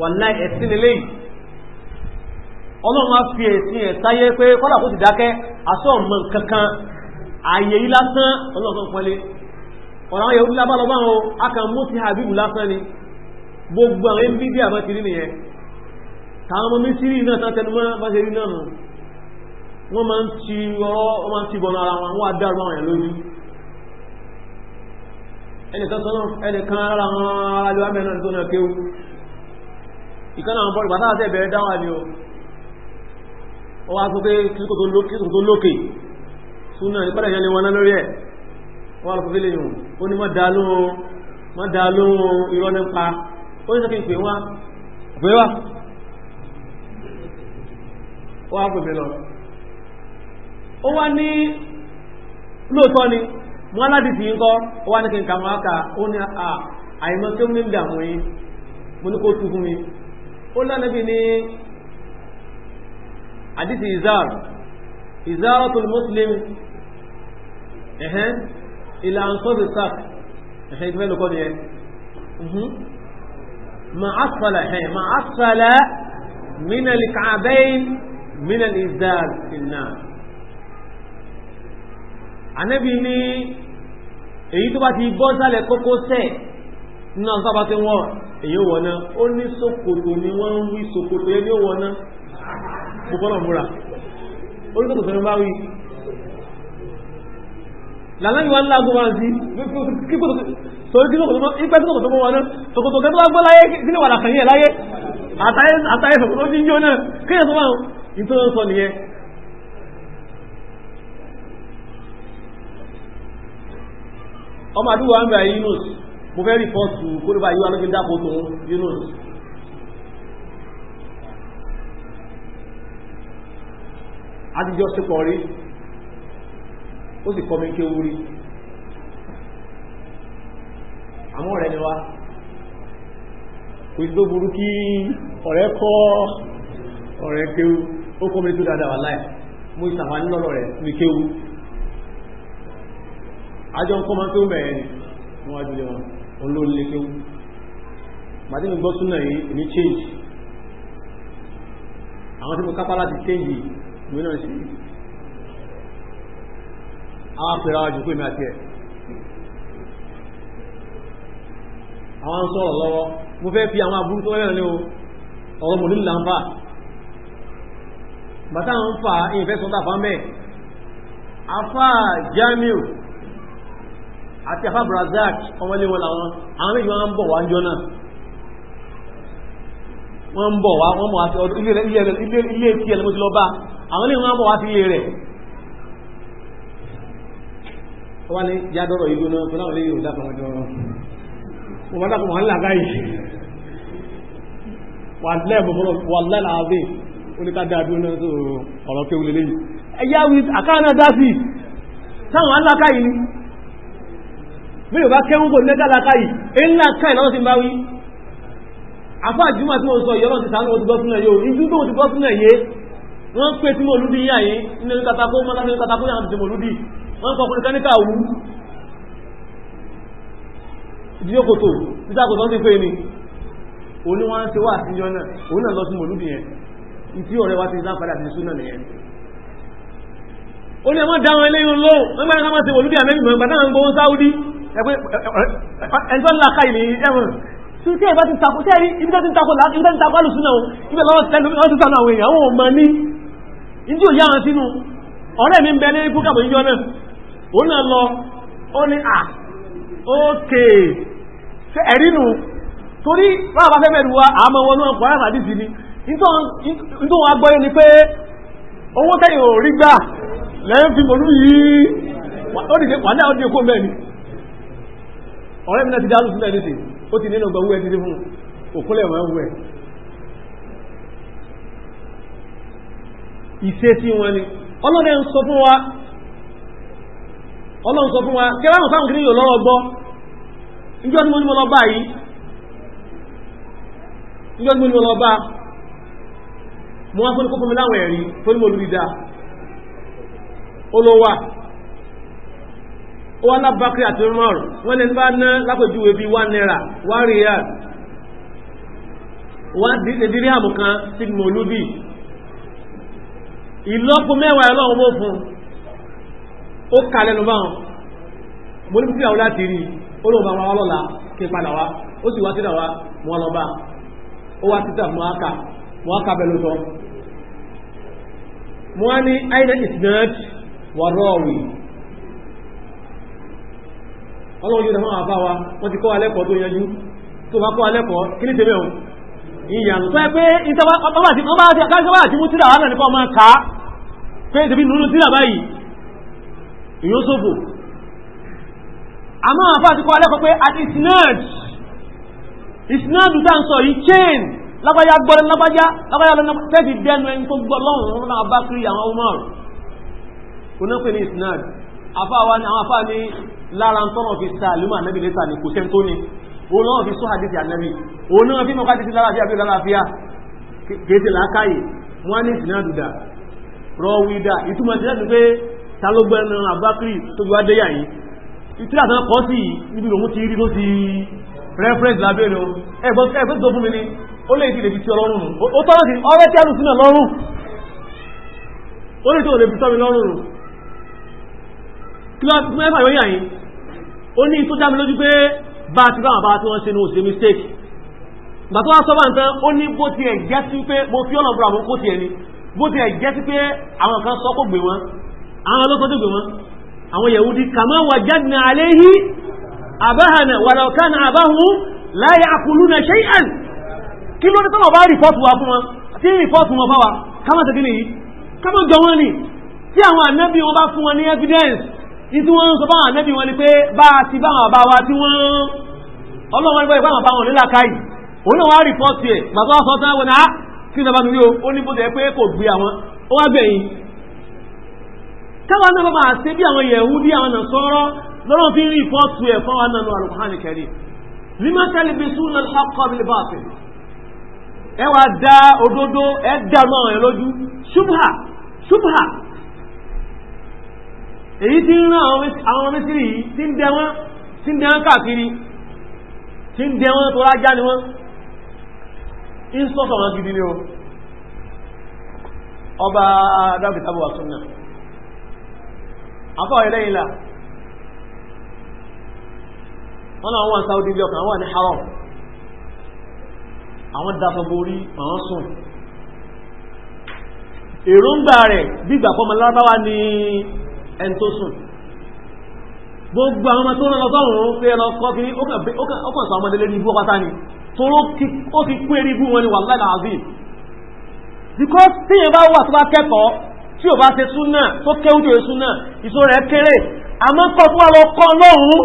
wà láì ẹ̀sìn eléyìí ọlọ́run máa fi ẹ̀sìn ẹ̀ sáyé pé kọ́lá kó ti dákẹ́ aṣọ ọmọ kankan ààyè yìí lásán ọlọ́run pọ́nlé ọ̀rọ̀ àwọn yahudi lábá lọ́bá wọn a kàn mú ti habibu lásán ni gbogbo àwọn mbd àbá ti rí nìyẹn táwọn ọmọ mísírì náà tán tẹnu mọ́ bá ṣe rí náà nù wọ́n máa ń ti ọ̀rọ̀ wọ́n máa ń ti bọ̀nà ara wọn wọ́n á dárú àwọn yẹn lórí ẹnìkan sọ́nà ẹnìkan ara wọn alájọ́ àmì náà tó náà kéwú ìkànnà àwọn bọ́ọ̀lù bàtà àti ẹ̀bẹ̀rẹ̀ dáwà ni o ó wá sọ pé kíkò tó lókè súnà ìpàdé ìyẹn lè wọn lórí ẹ̀ ó wá lọ fífẹ́ lèyìn ó ní má dá lóhun irọ́ nípa ó ní sọ́kì pé wá pé wá ó wá pèmí lọ ó wá ní lóòótọ́ ni wọ́n aládìsí ń kọ́ ó wá ní kí n kà máa kà ó ní àìmọ́ tí ó ní dààmú yìí mo ní kó tú fún mi ó lánàbí ní àdìsí izar izaratul muslim ẹ̀hẹ́n ilà ansọ́bì sáàk ẹ̀hẹ́n ìfẹ́ lókọ́ ni ẹ mhm. ma asfala ẹ̀hẹ́n ma asfala minal ka'abain minal izar iná anabi ni èyí tó bá ti bọ́ sálẹ̀ kókó sẹ́ẹ̀ nínú àwọn tí wọ́n èyí wọ̀ná ó ní ṣòkòtò ni wọ́n ń wí ṣòkòtò ẹni ó wọ̀ná mo bọ́lọ̀ múra oríkòtò sọ bá wí làláyìn wa ńlá agbóhàn sí kíkòtò sọ̀rọ̀ kí lókòtò ipẹ́ tí lókòtò wọn náà tòkòtò kẹtọ́ bá gbọ́ láyé sílẹ̀ wà làkàn yẹn láyé àtàyè sọ̀kòtò tí ń jó náà kéèyàn tó wà nítorí sọ nìyẹn ọmọ àdúgbò wa ń bẹ̀rẹ̀ Yunus mo fẹ́ rí fọ́ọ̀tù kó ló bá yíwá lókè dápò tó Yunus àtijọ́ sípọ̀ rí ó sì kọ́ mi kí owó rí àwọn ọ̀rẹ́ ni wá kò sí tó burú kí ọ̀rẹ́ kọ́ ọ̀rẹ́ kéwú ó kọ́ mi tó dáadáa wà láì mo ìsàwọn nílọ́lọ́ rẹ̀ mi kéwú àjọ nǹkan máa ń kéwú mẹ́rin ni wọ́n á wọn olóòlù kéwú màdé mi gbọ́ súnà yìí èmi change àwọn tí mo kápá láti change yìí mìíràn sí àwọn àpẹẹrẹ àwọn àjòkó ìmì àti ẹ̀ àwọn ń sọ̀rọ̀ lọ́wọ́ mo fẹ́ fi àwọn aburú tó rẹ̀ lẹ́wọ́ ọ̀rọ̀ mòlú là ń fà bàtà ń fà ìfẹ́ sọ́tà fámẹ́ afá jamiu àti afá brazak ọmọlé wọn làwọn àwọn méjì wọn ń bọ̀ wá ń jọ náà wọ́n ń bọ̀ wá wọ́n mọ̀ àti ọdún ilé tí lọ bá àwọn ilé wọn bọ̀ wá sí ilé rẹ̀ wọ́n ní yádọ́rọ̀ ìlú náà tó láwọn ilé yóò dákọ̀ wọn jọrọ wọn bá dákọ̀ wọn ń làgá yìí wà lẹ́ẹ̀bọ̀ mọ́rọ̀ wà lẹ́lá àbí oníkádá bí náà tó ọ̀rọ̀ kéwù lélẹ́yìn ẹ̀yà wí àkáàná dá sí táwọn aláka yìí ni mi ò bá kẹ́wọ́n kò lẹ́gà láka yìí ńlá ká ìlànà ti bá wí àfáà jùmọ̀ tí wọ́n sọ ìyọ́rọ̀ ti sàánú wọn ti gọ́ fún náà yóò ìjú tó wọn ti gọ́ fún náà wọ́n pè tí mo lúdí yáyé nínú katakó mọ́tàkì katakó yàrá tí mo lúdí wọ́n kọ fún káníkà wú ìdíyókòtò títàkòtò ti pé ni òní wọ́n ti wá àtijọ́ náà òun náà lọ sí mo lúdí yẹn ìtí ọ̀rẹ́ wa ti láǹfààní àti súnà nìyẹn ó ní ẹmọ́ dáwọn ilé yóò lóò mẹ́gbẹ́ ẹ̀ká máa ti wòlúdí àmẹ́bì mọ̀ ìgbà náà ń gbóhún sáúdí ẹ̀ntọ́ làkà ìní ẹ̀wọ̀n tí ó tí ẹ̀ bá ti takò tí ẹ̀ ibi tó ti takò alùsùn náà ibẹ̀ lọ́wọ́ tẹ́lú ọ́sùn sáà àwọn èèyàn àwọn ò mọ̀ ní ìdí òyà wọn sínú ọ̀rẹ́ mi ń bẹ ní púpọ̀ ìjọ náà ó náà lọ ó ní à ókè ẹ̀rínú torí ráàbá fẹ́ bẹ̀rù wa àmọ́ wọn náà kọ̀ ráàbá dìsí ni nítorí wọn agbọ́yé ni pé owó tẹ́yìn ò rí gbà lẹ́yìn fi mọ̀lú yìí ó dìde wà náà ó dìde kó mẹ́ni ọ̀rẹ́ mi náà ti dárú sílẹ̀ ti ti dé fún òkúnlẹ̀ wọn ìṣe sí wọn ni ọlọ́dẹ̀ ń sọ fún wa ọlọ́run sọ fún wa kẹwàá sáwọn kìí yóò gbọ́ ìjọ́ tí mo ní mo lọ bá yìí ìjọ́ tí mo ní mo lọ bá mo wá fún kókó mi láwọn ẹ̀rí tó ní mo lórí ó lọ wà ó wá àti wọ́n bá ná bíi ìlọ́po mẹ́wàá ọlọ́run bó fún ó kà lẹ́nu báwọn mo ní fífíà láti rí olóòbá wa lọ́la kí padà wá ó sì wá títà wá mọ́ lọ bá ó wá títà mọ́ áka mọ́ mo wá ní aina ọlọ́run yóò dáhùn àbá wa wọ́n ti kọ́ alẹ́kọ̀ọ́ tó yanjú tó bá kọ́ alẹ́kọ̀ọ́ kí ìyànú tó ẹ pé ìtọ́bá àti mú tíra wánà nípa ọmọ ká pé ìtẹ̀bí nínú tíra báyìí èyí ó sófò àmọ́ àfá àti kọ́ alẹ́kọ̀ọ́ pé àti isnad isnad tá ń sọ yìí chain lábájá gbọ́rẹ́ lábájá lábájá lọ́nà tẹ́bí dẹnu ẹni tó gbọ́ lọ́rùn náà bá kiri àwọn ọmọ kò náà pè ní isnad àfá wa ni àwọn àfá ni lára ń tọ́nà fi sa àlùmọ̀ ànábìlẹ́ta ni kò sẹ́ńtóni òun náà fi sọ àdìsí ànábì òun náà fi mọ̀ káàdìsí lálàáfíà bí lálàáfíà kéèsì làákàyè wọ́n ní ìsìnà dùdà rọwídà ìtumọ̀ sí láti pé ta ló gbẹ́nu àbákìrì tó gbá déyà yìí ìtura àtàn kọ́ sí níbi reference lábẹ́ lọ ẹgbẹ́ tó fún mi ní ó lè ti lè fi ti ọlọ́run nù ó tọ́nà sí ọ̀rẹ́ tí a lùsínà lọ́rùn ó lè tí ò yìí ó ní tó já lójú pé bá ti báwọn bá tí wọ́n ṣe ní òṣè mistake bàtọ́ wá sọ́bà nǹkan ó ní bó ti ẹ̀ jẹ́ sí pé mo fi ọ̀nà búra mú kó ti ẹ̀ ni bó ti ẹ̀ jẹ́ sí pé àwọn kan sọ kó gbé wọn àwọn olóko tó gbé wọn àwọn Yahudi kàmá wà jẹ́nà àléhí àbáhànà wà lọ́kànà àbáhùn láyé àkùlù na ṣe àn kí ló ní tọ́nà bá rìpọ́tù wa fún wọn tí rìpọ́tù wọn bá wa kámọ́ tẹ́kí nìyí kámọ́ gan wọn ni tí àwọn evidence ìtí wọ́n ń sọ báwọn ànẹ́bí wọn ni pé bá a ti báwọn àbá wa tí wọ́n ọlọ́wọ́ nígbà ìbáwọn bá wọn nílà káyì òun náà wá rìpọ́ọ̀tì ẹ̀ màtọ́ sọ tán wọn náà ah, kí ìjọba mi yóò ó ní bó jẹ́ pé kò gbé àwọn ó wá gbẹ̀yìn káwọn náà bá máa ṣe bí àwọn yẹ̀hú bí àwọn náà sọ̀rọ̀ lọ́rọ̀ fi ń rìpọ́ọ̀tì ẹ̀ fáwọn náà lọ àlùkùnrin kẹrin èyí tí ń rán àwọn mísírì yìí tí ń dẹ wọ́n tí ń dẹ wọ́n káàkiri tí ń dẹ wọ́n tó rájá ni wọ́n ń sọ́sọ̀ wọn gidi ni o ọba adábìtàbù wà afọ́ ilẹ̀ ìlà wọ́n náà wọ́n sáwọ́dí bí ọkàn wọ́n ní haram àwọn dáfọ́borí àwọn sùn èròǹgbà rẹ̀ bí ìgbà fọ́mọ lárábáwá ni ẹni tó sùn gbogbo àwọn ọmọ tó rán lọ́sọ́rùn pé ẹlọ kọ́ kí ní ọkàn sọ ọmọdé lẹ́ni ibú ọpátá ni tó ó fi kú erí ibú wọn ni wallahi alazim because tí yẹn bá wà tó bá kẹ́kọ̀ọ́ tí ò bá ṣe súnà tó kéwú tó súnà ìṣó rẹ̀ kéré àmọ́ kọ́ tó wà lọ kọ́ lọ́hùn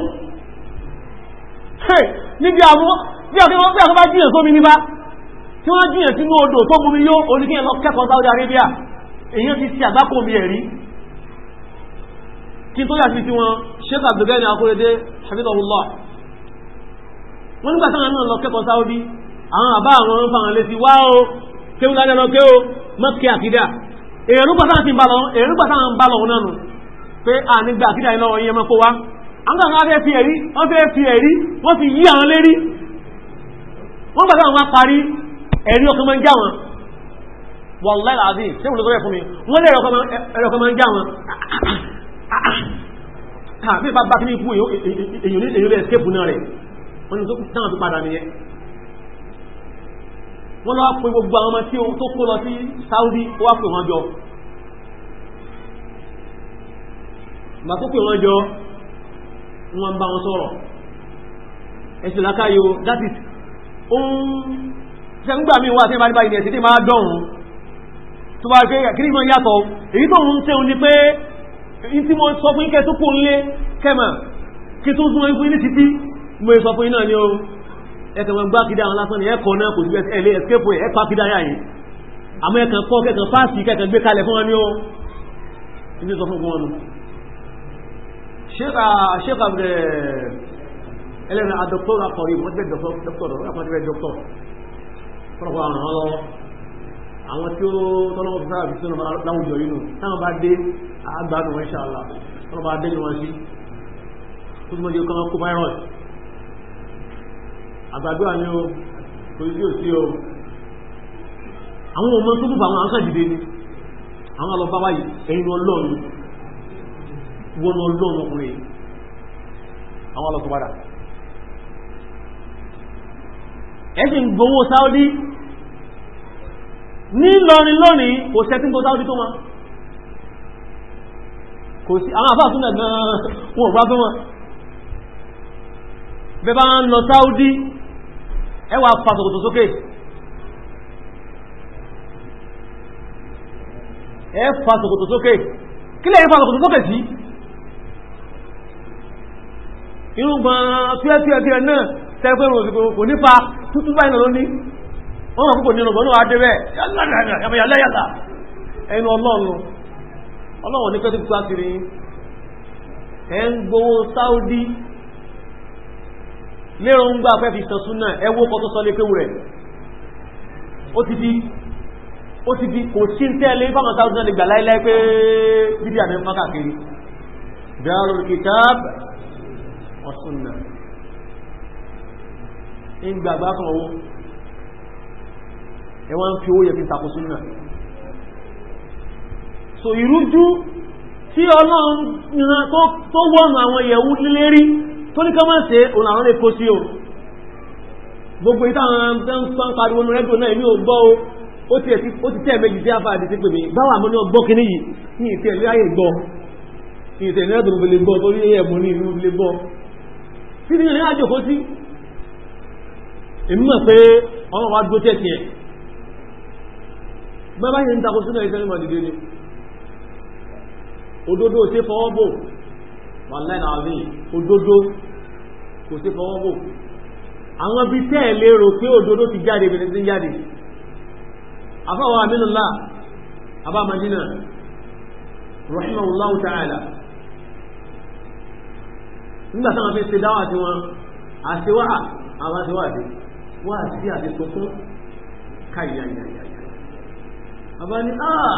níbi àwọn bí ọkọ̀ bá jiyàn sómi níbá tí wọ́n jiyàn sínú odò tó mú mi yó oníkẹ́yìn lọ kẹ́kọ̀ọ́ Saudi Arabia èyí ti ṣe àgbákò mi ẹ̀rí kí tó yàtí tí wọn Sheikh Abdulgani Akóredé hafidahullah wọ́n nígbà táwọn náà lọ kẹ́kọ̀ọ́ Saudi àwọn àbá àwọn ń fa àwọn lé sí wá o kéwù ládẹ́ lọ kéwò mọ́kì àkídà èrú pàtàkì ti ń bá lọ èrú pàtàkì ń bá lọ náà nù pé à nígbà àkídà yìí lọ́wọ́ yẹn mọ́ kó wá àwọn àwọn afẹ́ fi ẹ̀rí wọ́n fẹ́ fi ẹ̀rí wọ́n fi yí àwọn lérí wọ́n gbàgbà wọn parí ẹ̀rí ọkọ̀ máa ń já wọn wallahi àbí ṣé wọ́n lọ́tọ́ rẹ̀ àbí ah, ah. ah, bá bá kí ní ikú èyàn lè escape náà rẹ̀ wọ́n ni tó tán fi padà nìyẹn wọ́n lọ́wọ́ pé gbogbo àwọn ọmọ tí ó tó kó lọ sí Saudi ó wá pè wọ́n jọ ìgbà tó pè wọ́n jọ wọ́n bá wọn sọ̀rọ̀ ẹ̀sùn lákàyò that is ohun ṣẹ́gbà mi wà tí ma nípa ìdẹ̀ẹ̀sì tí ma dọ̀rùn tó bá gbé kí ní mọ́ yàtọ̀ èyí tó ń tẹ́ in tí mo sọ fún ikẹ́ tó kó nlé kẹmà kí tó súnmọ́ ikú ní títí mo sọ fún iná ni o ẹkẹ̀ wọn gbá kìdá àwọn lásán ni ẹkọ̀ náà kò jùlẹ̀ ẹlẹ́ ẹ̀skẹ́pù ẹ̀pá kìdá yà yìí àmọ́ ẹkàn kọ́ kẹkàn fásì kẹkàn gbé kalẹ̀ fún wọn ni o ibi sọ fún wọn ṣéka ẹlẹ́rìn adọ́kọ̀rọ̀ akọ̀rí mọ́tẹ́ dọ́kọ̀rọ̀ àwọn tí ó tọ́lọ́wọ́ fún sáàbì sínú láwùjọ yìí nù táwọn bá dé àgbàdo wọn ṣàlá tọ́lọ́ bá dé ní wọn sí tó tí mo jẹ́ kọ́nà kó virus àgbàdo àní o kò sí òsí o àwọn ọmọ tó kúfà àwọn akẹ́dìde ni àwọn alọ́ bábá yìí ẹ̀yìn ọlọ́run wọn ọlọ́run ọkùnrin àwọn alọ́ tó padà ẹ̀sìn gbowó Saudi ní lọrin lónìí kò sẹ́tí tó sáwọ́dí tó wọn kò sí àwọn àfáà súnlẹ̀ gan-an wọn ò gbágbé wọn bẹ bá ń lọ sáwọ́dí ẹwà fàtòkòtò sókè ẹ fàtòkòtò sókè kí lẹ́yìn fàtòkòtò sókè sí irúgbọ̀n tíẹ́tíẹ́tíẹ́ náà tẹ́gbẹ̀rún òsìkò kò nípa tútú báyìí lọ ní wọ́n mọ̀ púpọ̀ nínú ọgbọ̀nú adẹ́rẹ́ yálàyàlà ẹnu ọlọ́run ọlọ́run ní tupu pàkiri ẹ ń Saudi lérò ń gbà fẹ́ fi sọ̀tún náà ẹwọ́ kọ́ tó sọ lé kéwù rẹ̀ ó ti di ó ti di kò sí tẹ́lẹ̀ fáwọn Saudi náà lè gbà pé bíbí àmì káàkiri ń fún ẹ wá ń fi owó yẹ fi tako súnà so ìrújú tí ọlọ́run tó wọ́nà àwọn yẹ̀wú lérí tó ní kọ́mọ̀ sí òun àwọn lè kó sí o gbogbo ìtàwọn tó ń pariwo ní rẹ́dùn náà èmi ò gbọ́ o ó ti tẹ́ méjì tí a fà àdìsí pèmí báwà mọ́ ní ọgbọ́ kí níyì ní ìtẹ́ ilé ayé gbọ́ ní ìtẹ́ ilé ẹ̀dùn lè gbọ́ torí ẹ̀mù ní ìlú lè gbọ́ sí ní ìrìn àjò kó sí èmi mọ̀ pé ọmọ wa dúró tẹ̀sí bàbá yẹn ń takò súnà ìsẹ́lẹ̀ mọ̀ dìde ni òdodo ṣe fọwọ́ bò wàláì nàbí òdodo kò ṣe fọwọ́ bò àwọn bí tẹ́ ẹ̀ lérò pé òdodo ti jáde bẹ̀rẹ̀ sí jáde afáwọn amínúlá abá madina rahimahullahu ta'ala nígbà táwọn fi ṣe dáwà tí wọn àṣewà àwọn àṣewà àti wọn àti àti tuntun káyìyàyàyà àbá ní àà ah,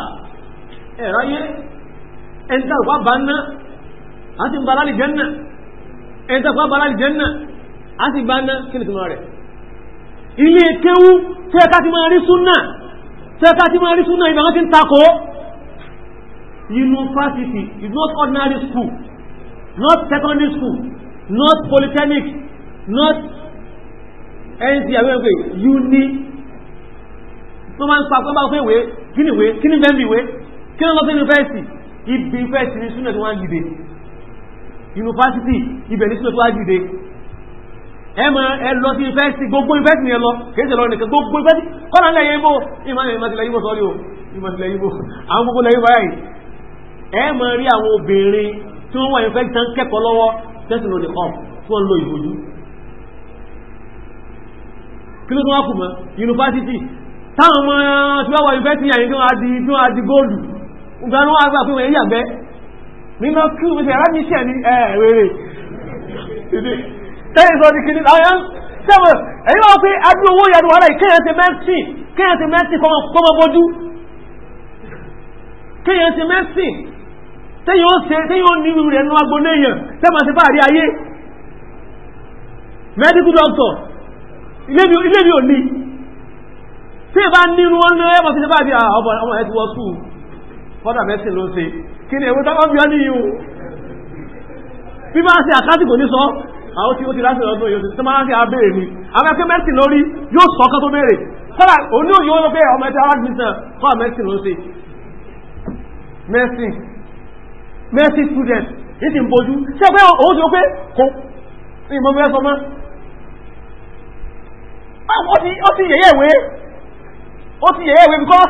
ẹ̀ráyé ẹ̀ntà ìpá bá ń náà a ti bá lálì jẹ́nà ẹ̀ntà ìpá bá lálì jẹ́nà a ti bá ná kí ni túnmọ̀ rẹ̀ ilé kéwú tẹ́ẹ̀ká ti máa rí súnà tẹ́ẹ̀ká ti máa rí súnà ibà wọ́n ti ń takò university is not ordinary school not secondary school not polytechnic not nc àwọn ẹgbẹ́ uni tó máa ń pa pẹ́ bá fẹ́ wèé kíni wé kíni bẹ́ẹ̀ bí wé kí ló lọ sí yunifásitì ibi yunifásitì ní súnà tí wọ́n á dìde yunifásitì ibẹ̀ ní súnà tí wọ́n á dìde ẹ mọ ẹ lọ sí yunifásitì gbogbo yunifásitì yẹn lọ kì í ṣe lọ nìkan gbogbo yunifásitì kọ́nà ilẹ̀ yẹn bò ìmọ̀ ìmọ̀ tilẹ̀ yìí bò sọ́ọ́lì o ìmọ̀ tilẹ̀ yìí bò àwọn gbogbo lẹ́yìn báyìí ẹ mọ rí àwọn obìnrin tí wọ́n wà yunifásitì tán kẹ́kọ̀ọ́ lọ́wọ́ tẹ́sán lónìí kọ́ tí wọ́n lo ìbòjú kí ló tún wá kù mọ́ táwọn ọmọ tí wọ́n wọ ìfẹ́ ti yàyìn tí wọ́n adi tí wọ́n adi góòlù ìgbàlú wọn agbá pé wọ́n èyí àgbẹ́ nínú kí wọ́n ṣe rámi iṣẹ́ ní ẹ̀ẹ́rẹ́rẹ́ tẹ́yìn sọ ní kìnnìkan àwọn sẹ́wọ̀ èyí wọ́n pé adú owó yẹnu wàhálà kéèyàn ti mẹ́sìn kéèyàn ti mẹ́sìn kọ́mọ bójú kéèyàn ti mẹ́sìn tẹ́yìn ó ṣe tẹ́yìn ó nílùú rẹ̀ nú agbóléyàn tẹ́mọ̀ sí fàárí ayé medical doctor ilé mi ò ní tí ìbá nínú wọn lé ẹbọ̀ sí ṣe báyìí àwọn ah, ọmọ ẹ ti wọ́ sùn fọ́dà mẹ́sìn ló ṣe kí ni ẹ̀wọ́n tọ́kọ́ bíọ́ níyù bí bá ṣe àkásìkò ní sọ àwọn ah, tí ó ti láti lọ́dún yóò tó máa ń ṣe abéèrè ni abẹ́kẹ́ mẹ́sìn lórí yóò sọ ọkọ́ tó béèrè kọ́lá òní òyìn wọn pé ọmọ ẹ̀tì arábìnrin kọ́lá mẹ́sìn ló ṣe mẹ́sìn mẹ́sìn student ní ti ń bojú ṣe pé òun ti ó pé kò ní ìmọ̀ mẹ́sọ mọ́ ah, ó ti yẹ̀yẹ̀ ìwé ó ti yẹ̀yẹ́ ìwé bíkọ́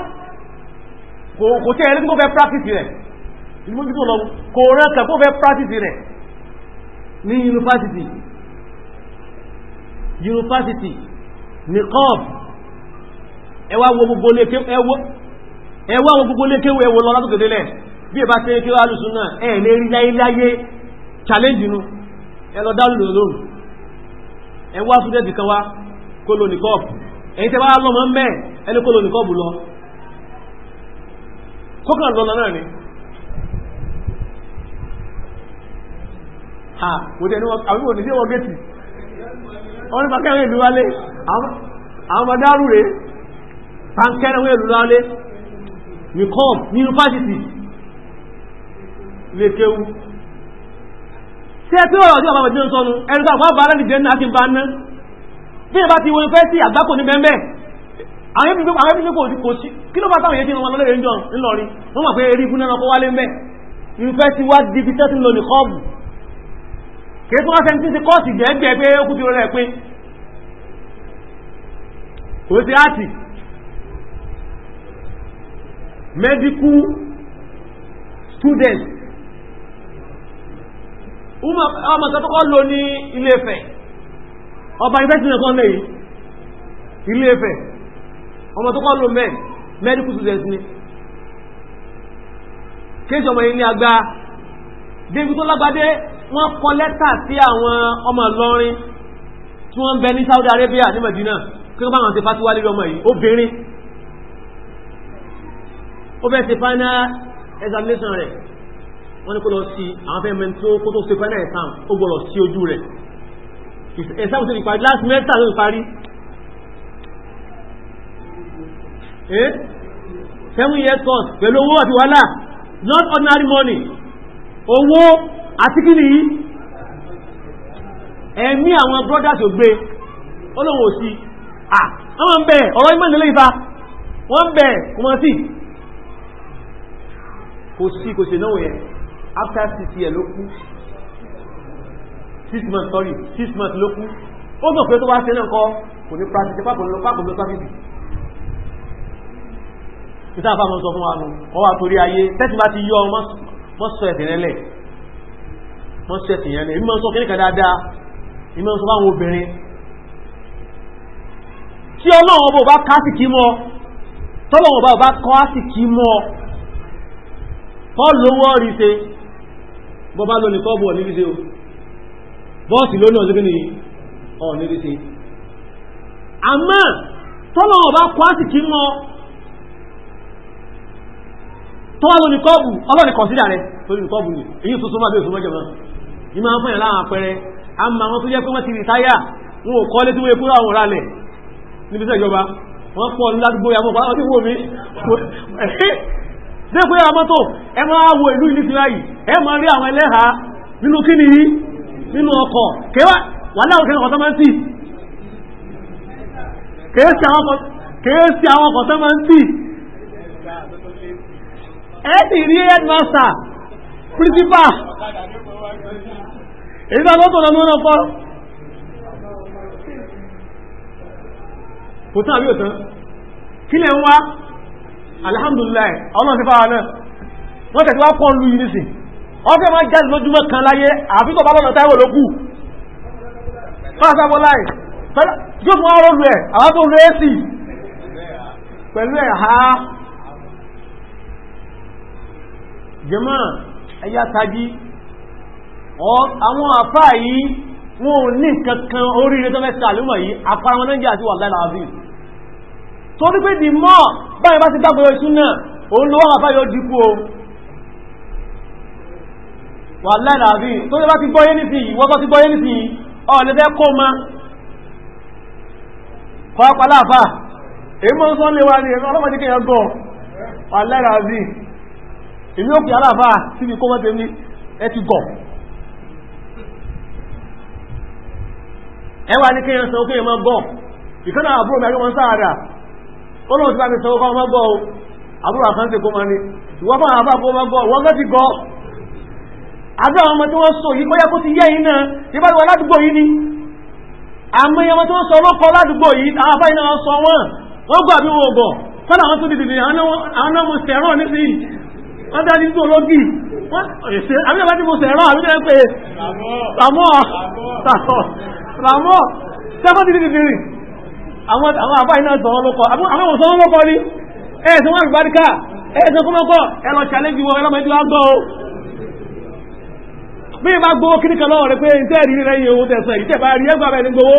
kò tí ẹ̀rí tó fẹ́ practice rẹ̀ ìmójútó lọ kò rán kà tó fẹ́ practice rẹ̀ ní yunifásitì yunifásitì ní cob ẹwà wo gbogbo lékéwò ẹwọ lọ látò tẹ́lẹ̀ bí ẹ bá tẹ́ kí wá lùsùn náà ẹ̀ lè rí láyéláyé challenge nu ẹ lọ dá lòlò ẹwà súnjẹ́ ti kan wá kó lò ní cob èyí tẹ́ bá lọ́mọ mẹ́ ẹni kó lónìí kọ́bù lọ kókàn lọ́nà náà ni ha kò tẹ́ àwọn òní sí wọ́n gẹ́tì wọ́n ní pàkẹ́rẹ́ ìlú wálé àwọn ọmọdé àrù rẹ̀ pàkẹ́rẹ́ wọ́n ìlú wálé we come ní yunifásitì lè kéwu tí ẹ tí ọ̀rọ̀ ọjọ́ àbábàjẹ́ ń sọnu ẹni tó àpá bá rẹ̀ nìjẹ́ ní àti bá náà bí ẹ bá ti wọn fẹ́ sí àgbákò ní bẹ́ẹ̀ àwọn ẹbí pé kò sí kí ló bá táwọn èyí tí wọn lọ́lẹ̀ ìjọ ńlọrin wọ́n mọ̀ pé eré ibú náà kó wálé ń bẹ́ ìfẹ́ ti wá dìbí tẹ́tí lọ ní kọ́ọ̀bù kìí tó wá sẹ́ni tí ti kọ́ọ̀sì jẹ́gbẹ́ pé ó kú ti rẹ̀ pé kò sí àti medical student ọmọ kan tó ní ilé Ifẹ̀ ọba ìfẹ́sìnà kan lè yìí ilé ẹfẹ́ ọmọ tó kọ́ ló mẹ́ medical students ni kéèsì ọmọ yìí ní agbá débi tó lágbádé wọ́n kọ lẹ́tà sí àwọn ọmọ Ìlọrin tí wọ́n ń bẹ ní Saudi Arabia ní Medina kí wọ́n bá wọn ṣe fatiwa lórí ọmọ yìí obìnrin ó fẹ́ ṣe final examination rẹ̀ wọ́n ní kó lọ sí àwọn fẹ́ mẹ́ntó kó tó ṣe final exam ó gbọ́dọ̀ sí ojú rẹ̀ exam ti parí last semester ló parí eh seven years course pẹ̀lú owó àti wàhálà not ordinary money owó àti kí ni yìí ẹ̀mí àwọn brothers ò gbé olóhùn òsì ah wọ́n ń bẹ̀ ọ̀rọ̀ ìmọ̀ ìdílé ìfà wọ́n ń bẹ̀ kò mọ̀ sí kò sí kò sí náà yẹn after six years ló kú six months sorry six months ló kú ó mọ̀ pé tó wá ṣe náà kọ́ kò ní practice pápò ló pápò ló sáfìsì títà fáwọn sọ fún wa nù ọwọ́ àtòrí ayé tẹ́tù bá ti yọ ọ mọ́ sọ ẹ̀sìn rẹ̀ lẹ̀ mọ́ sọ ẹ̀sìn rẹ̀ lẹ̀ ìmọ̀ sọ kíníkà dáadáa ìmọ̀ sọ fáwọn obìnrin tí ọlọ́run ọba ọba ká sì kí mọ́ tọ́lọ́run ọba ọba kọ́ á sì kí mọ́ tọ́lọ́wọ́ rí ṣe bọ́bá lónìí tọ́bù ọ̀ níbi ṣe o bọ́ọ̀sì lónìí ọ̀sẹ̀ kí ọ̀nà ìdí àmọ́ tọ́lọ̀ ọba kọ́ àsìkí mọ́ tó wá lónìí kọ́ọ̀bù ọlọ́ni kọ̀nsídà rẹ̀ lónìí kọ́ọ̀bù ni èyí tó súnmọ́ a máa wọn tó jẹ́ pé wọ́n ti rìtáyà wọn ò tí ya mọ́ pàtàkì wò mí dẹ́kun yàrá mọ́tò ẹ máa wo ìlú ẹ máa nínú ọkọ̀ kéwà wà láwọn kẹ́kọ̀ọ́ máa ń tì kéèsì àwọn ọkọ̀ tó máa ń tì ẹ̀ẹ́dì rí headmaster principal èyí bá lọ́tọ̀ lọ́nà ọ̀nà ọ̀pọ̀ kò tán òtán kí lẹ́ ń wá alhamdulillah ọlọ́run wọ́n tẹ̀síwá pọ̀ yìí nísìn ọfẹ́ máa jáde lójúmọ́ kan láyé àfíkọ̀ bá lọ́nà táíwò lókù fásitì láì yóò fún ọrọ̀ lù ẹ̀ àwọn tó lù ẹ́ sí pẹ̀lú ẹ̀ ha jẹ́mọ́ ẹ̀yà tají àwọn àfá yìí wọn ò ní kankan oríire tó mẹ́ta àlúmọ̀ yìí àpárá wọn náà jẹ́ àti wà láìláàbí torí pé dì mọ́ báyìí bá ti dágbẹ̀rẹ̀ sún wà láìláàbí tó tẹ́ bá ti gbọ́yé ní sí ìwọ́kọ́ ti gbọ́yé ní sí ọ̀lẹ́fẹ́ kó ma kọ́pàláàfà èyí mọ́ sọ́ lè wà ní ẹ̀mọ́ ọlọ́mọdé kí ẹgbọ́ wà láìláàbí èmi ó kì aláàfà síbi kó mọ́tẹ́ ní ẹ ti gọ̀ ẹwà ní kí ẹsàn ókè mọ́ gọ̀ ìkánà àbúrò mẹ́rin wọn sáàdà ó lóun ti bá mi sọ ọkọ̀ ọmọ gọ̀ àbúrò àkáǹtì kó mọ́ ni ìwọ́n fún àwọn àbá kó mọ́ gọ̀ wọ́n gọ́ ti gọ̀ àbí àwọn ọmọ tí wọ́n sọ yìí kọ́yá kó ti yẹ́ iná ìbáwọ̀ aládùgbò yìí ni àmọ́ ìyẹmọ tí wọ́n sọ lọ́kọ́ aládùgbò yìí àwọn afá iná sọ wọ́n wọ́n gbà bí wọ́n gọ̀ sọ́nà àwọn tó dìdì ní àwọn ọmọ sẹ̀rọ̀ nísìnyí wọ́n dá nínú ológì àbí ọba tí mo sẹ̀rọ̀ àbí ẹ pé ràmọ́ ràmọ́ sẹ́kọ́ ti dìdì rìn àwọn àbá iná sọ wọn lọ́kọ́ àbí àwọn sọ wọn lọ́kọ́ ni ẹ̀ẹ́sẹ̀ wọn àgbàdìkà ẹ̀ẹ́sẹ̀ kọ́mọ́kọ́ ẹ lọ challenge wọn ẹlọ́mọ ẹjọ́ àgbọ̀ bí bá gbówó kí nìkan lọ́wọ́ rẹ̀ pé ń tẹ́ẹ̀rí rẹ̀ yìí owó tẹ̀sán yìí tẹ̀bá rí ẹgbà bẹ̀rẹ̀ gbówó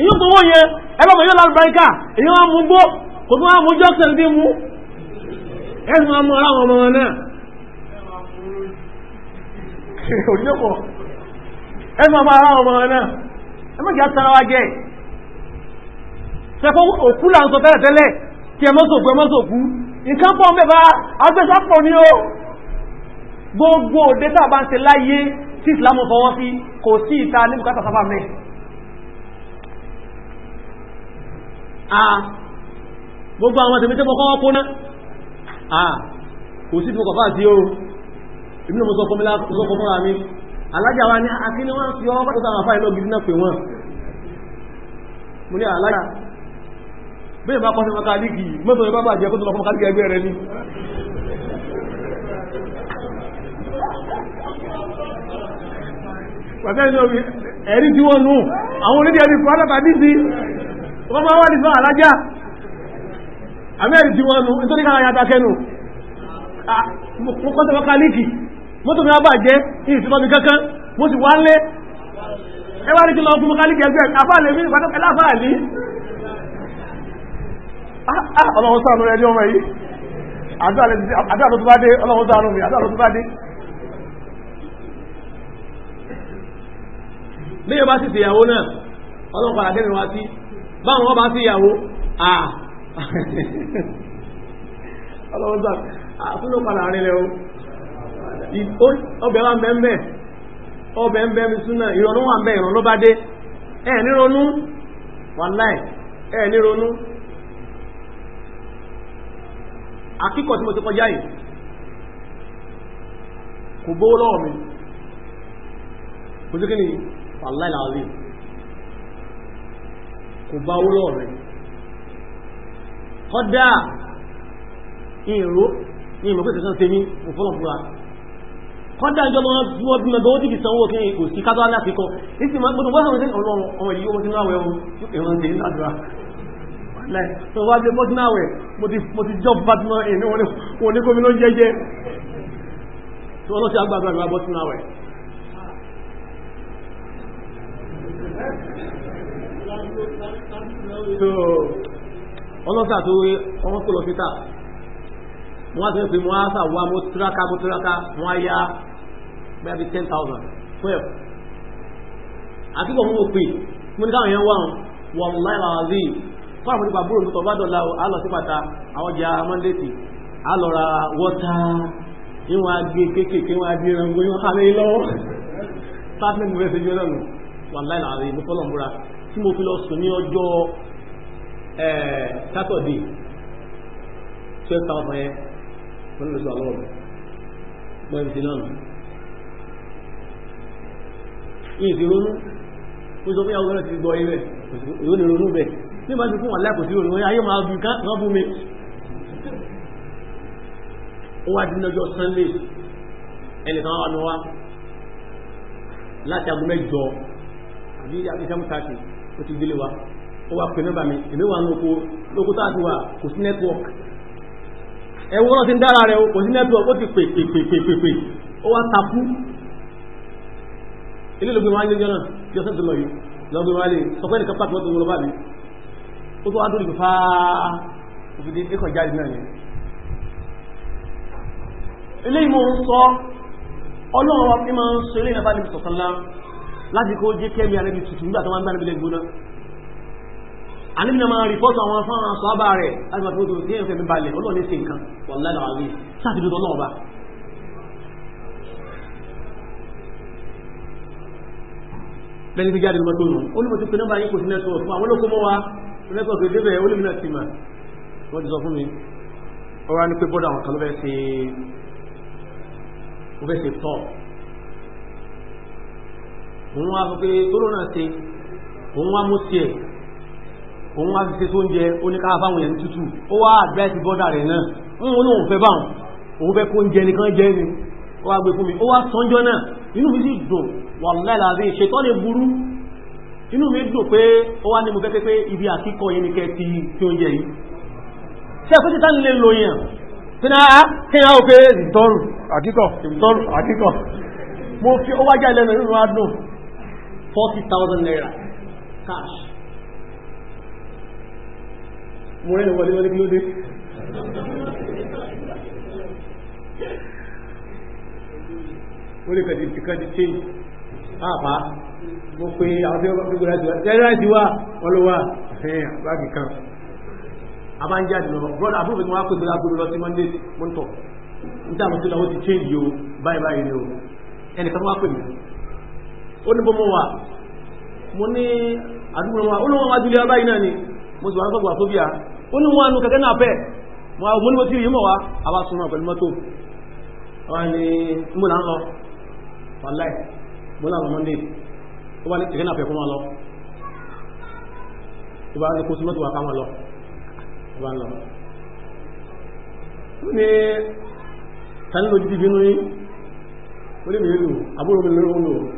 èyí gbówó yẹn ẹgbàgbọ́ yóò lálùbá ìkà èyí wọ́n mú gbó kò tó wọ́n mú jọ́sẹ̀ ní mú ẹ̀sùn wọn mú ara wọn mọ́ náà ẹ̀sùn wọn mú ara wọn mọ́ náà ẹ má kí á tara wa jẹ́ ṣẹfọ́ òkú là ń sọ tẹ́lẹ̀ tẹ́lẹ̀ kí ẹ mọ́sọ̀kú ẹ mọ́sọ̀kú nǹkan gbogbo òde tá a bá ń ṣe láyé tí ìsìlámù fọwọ́ sí kò sí ìta ní bùkátà sábà mẹ́ gbogbo àwọn tẹ̀mí tẹ́mọ́ kọ́wọ́ kóná kò sí ìfọkọ̀fà àti o ìbínú mo sọ fún mi lásọ̀kọ̀ fún àmì alájà wa ní akíní wọ́n fi ọwọ́ pàtàkì àwọn afáìlọ́ gidi náà pè wọ́n mo ní alájà bí ìbá kọ́ sí mọ́kálíkì mọ́tò ìbá bàjẹ́ kó tó pàtẹ́ni omi ẹ̀rí tí wọ́n nù àwọn onídìí ẹni kọ́ lọ́pàá ní sí wọ́n máa wà ní sọ àlájá àmẹ́rì tí wọ́n nù nítorí kára yàtà mi bá jẹ́ ìsìnkọ́ mi kankan mo sì wá lé ẹwà ní kí lọ fún kálíkì ẹgbẹ́ léyìn bá sì ṣèyàwó náà ọlọ́pàá àdẹ́rìn wá sí báwọn ọba sí ìyàwó àà ọlọ́run àtúndò padà rìn lẹ́wọ́ ọbẹ̀ wa mẹ́mẹ́ ọbẹ̀ ń bẹ́mi súnà ìrọ̀nú wà mẹ́ ìrọ̀nú bá dé ẹ níronú wàláì ẹ níronú akíkọ̀ tí mo ti kọjá yìí kò gbówó lọ́wọ́ mi kò sí kí ni wàláì làwí kò bá owó lọ́wọ́ rẹ̀ kọ́dá ìró ní ìmọ̀ pẹ̀sẹ̀ ṣe ní òfúnlọ̀fúnra kọ́dá ìjọba wọn bí wọ́n bí mẹ́bẹ̀ ó dìbì sanwó kí kò sí kátó aláfikọ́ ìsì máa gbọ́dọ̀ wọ́n sọ̀rọ̀ ọlọ́run ọmọ yìí owó sínú àwẹ̀ ẹ̀rọ ṣe ní àdúrà tó wá bí bọ́sínú àwẹ̀ mo ti jọ bá tún ẹ̀mí wọn ní gómìnà jẹ́jẹ́ tí wọ́n lọ sí agbára bọ́sínú àwẹ̀ so ọlọ́sà tó rí ọmọ tó lọ sí tà mo wá sí pé mo wá sà wá mo túraká mo túraká mo wá yá bẹ́ẹ̀ bí ten thousand twelve àti bọ̀ mo pè mo ní káwọn yẹn wà wọn láì wà rí fún àwọn nípa búrò nípa bàdàn la á lọ sí pàtà àwọn ọjà mọ́ndéètì á lọ ra wọ́tà ìwọ̀n agbè kéékèèké ìwọ̀n agbè ẹranko ìwọ̀n àlè lọ́wọ́ pátínà mo fẹ́ ṣe jẹ́ lọ́nu wà láì wà rí mo fọ́lọ́ múra tí mo fi lọ sùn ní ọjọ́ sátọ̀dé twelve thousand yẹn wọ́n lè sọ àlọ́ rẹ̀ gbọ́n ibi náà yìí ti ronú ó sọ pé àwọn ọ̀rẹ́ ti gbọ́ ayé rẹ̀ yóò lè ronú bẹ̀ ní ìbá ti fún wọn láìpò sí ronú ayé máa bù ká wọ́n bú mi ó wá dín lọ́jọ́ sunday ẹnìkan wà lọ́wọ́ láti aago mẹ́jọ àbí àbí sẹ́mú tàkì ó ti gbélé wa ó wá pè nọ́bà mi èmi wà ní oko lóko tá a ti wà kò sí network ẹwọ́n náà ti ń dára o kò sí network o ti pè pè pè pè pè ó wá takú ilé lóbi wọn á yẹjọ náà yọ sẹ́ńtì lọ yìí lọ́gbìn wọn á lè sọ pé nìkan pàtó wọn tó o bá mi ó tó wá o ìfà òfìdí ẹkọ̀ jáde náà yẹn ilé ìmọ̀ ń sọ ọlọ́run wa fi máa ń ṣeré nàbàdì sọ̀tàn náà láti kó jẹ́ kẹ́mi ànábì tutù nígbà tó máa ń gbá níbilẹ̀ gbóná ànábì náà máa rìpọ́tù àwọn fáwọn aṣọ àbá rẹ̀ láti máa tó tó kéèyàn fẹ́mi balẹ̀ ọlọ́ọ̀ ní ṣe nǹkan wàlá làwọn àwẹ̀ sáàtì tó tọ́lọ́ ọba lẹ́ni fi jáde lọ́dún nù ó ní mo ti pe nọ́mbà yín kò sí nẹ́tíwọ̀kì fún àwọn olókòó mọ́ wa nẹ́tíwọ̀kì débẹ̀ ó lè mi náà ti mà wọ́n ti sọ fún mi ọ̀rọ̀ á ní pé bọ́dọ̀ àwọn kan ló fẹ́ ṣe ó òun wá fún pé tóró náà ṣe òun wá mú tiẹ̀ òun wá fi ṣe tó ń jẹ oníká fáwọn èèyàn tútù ó wá àdírẹ́sì bọ́dà rẹ̀ náà ń wọn òun fẹ́ báwọn òun fẹ́ kó ń jẹ nìkan jẹ ni ó wá gbé fún mi ó wá sọ́njọ́ náà inú mi sì dùn wàláì láàbí ṣètọ́ lè burú inú mi dùn pé ó wá ní mo fẹ́ pé ibi àkíkọ́ yẹn ni kẹ́ ti tí ó ń jẹ yìí ṣe fún títà nílé lo yẹn tí náà ah, kí á ó pé ìtọ́rù àkíkọ́ ìtọ́rù àkíkọ́ mo fi ó wájá ilẹ̀ nínú adùn 40,000 naira cash. Mo rẹ̀ wọlé wọlé kí ló dé? Ó lè kàdì ti kàdì change. Ah, Pàápàá, mo pe àwọn tí wọ́n gbọ́dọ̀ láti wá. Tẹ́lẹ̀ ti wá, wọ́n ló wà, ẹ̀hìn báàgì kan. A máa ń jáde lọ, brọ́dà àbúrò tí wọ́n á pè gbọ́dọ̀ agbóró lọ sí Monday, mo ń tọ̀. Níta mo ti lọ, ó ti change yìí o, báyìí báyìí ni o. Ẹnìkan wá pè mí ó ní bọ́mọ wà mo ní àdúgbò wa ó ní wọn wá jùlẹ̀ ọba iná ni mo sì wà lọ́gbọ̀gbà tó bíà ó ní wọn nu kẹ̀kẹ́ náà fẹ́ mo ní mo ti rí mọ̀ wá àwa súnmọ́ pẹ̀lú mọ́tò wọn ni mo là ń lọ wàláì mo là ń lọ o ó bá ní kẹ̀kẹ́ náà fẹ́ fún o lọ ó bá ní kó sí mọ́tò o káwọn lọ ó bá ń lọ ó ní tani lójú ti bínú yín ó ní mi lò àbúrò mi lò ó lò ó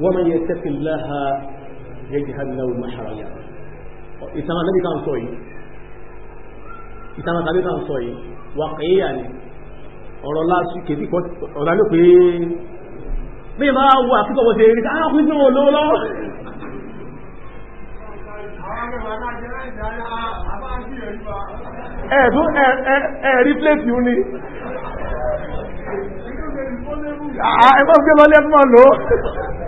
ومن يتق الله يجهل له محرجا ìtàn ànábì kan sọ yìí ìtàn ànábì kan sọ yìí wà kéèyà ni ọ̀rọ̀ láti kèbí kọ́ ọ̀rọ̀ ló pé bí i máa wo àkíkọ̀ wọ́n ti rí ká kú sí wọn ẹ̀ẹ̀dún ẹ̀ẹ̀rí pléètì ní ẹgbẹ́ òfin lọ́lẹ́ ẹgbẹ́ lọ́lẹ́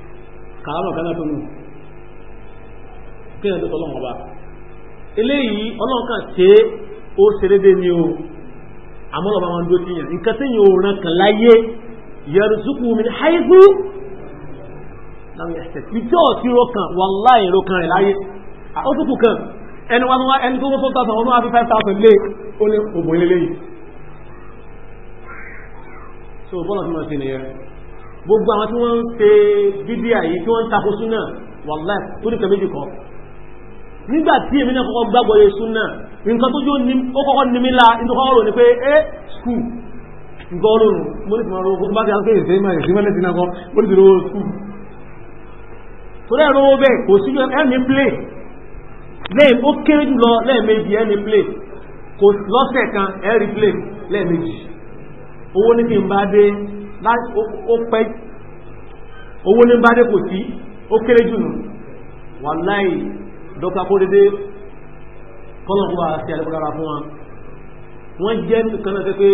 kàárọ̀ kaná tó nù kí ẹ̀dọ́ tọ́lọ́wọ́ ọba eléyìí ọlọ́ọ̀kan ṣe ó ṣerédé ni o àmọ́ ọba wọn dó tíyàn nǹkan tí yóò ràn kàn láyé yarzuqu min na láwọn ẹ̀sẹ̀ ìjọ́ ọ̀tí rọkàn wallahi rọkàn rẹ̀ láyé ó tó kan ẹni wọn wá ẹni tó wọ́n fún tàbí wọn wá fi five thousand lé ó ní òbò so bọ́lá fi máa ṣe nìyẹn gbogbo àwọn tí wọ́n ń pe bídíà yìí tí wọ́n ń tako súnà wàláì tó ní kẹ̀méjì kan nígbà tí èmi náà kọ́kọ́ gbàgbọ́ yẹ súnà nǹkan tó jó ó kọ́kọ́ ní mi la nítorí kọ́kọ́ rò ní pé ẹ́ skul nǹkan olóòrùn mo ní tìmọ̀ ro bá ti àwọn kéèyàn sẹ́yìn máa yẹ̀ sí mẹ́lẹ́ sí náà kọ́ mo ní tìmọ̀ ro skul tó dẹ̀ rówó bẹ́ẹ̀ kò sí ẹni play lẹ́yìn ó kéré jùlọ lẹ́ẹ̀mejì ẹni play kò lọ́sẹ̀ kan ẹ̀rí play lẹ́ẹ̀mejì owó ní kí n bá dé ó pẹ́ owó ní bá dé kò sí ó kéré jù nù wà láì dọ́kà kó dédé kọ́lọ̀kú wa sí àdékọ́ dára fún wa wọ́n jẹ́ nìkan náà pé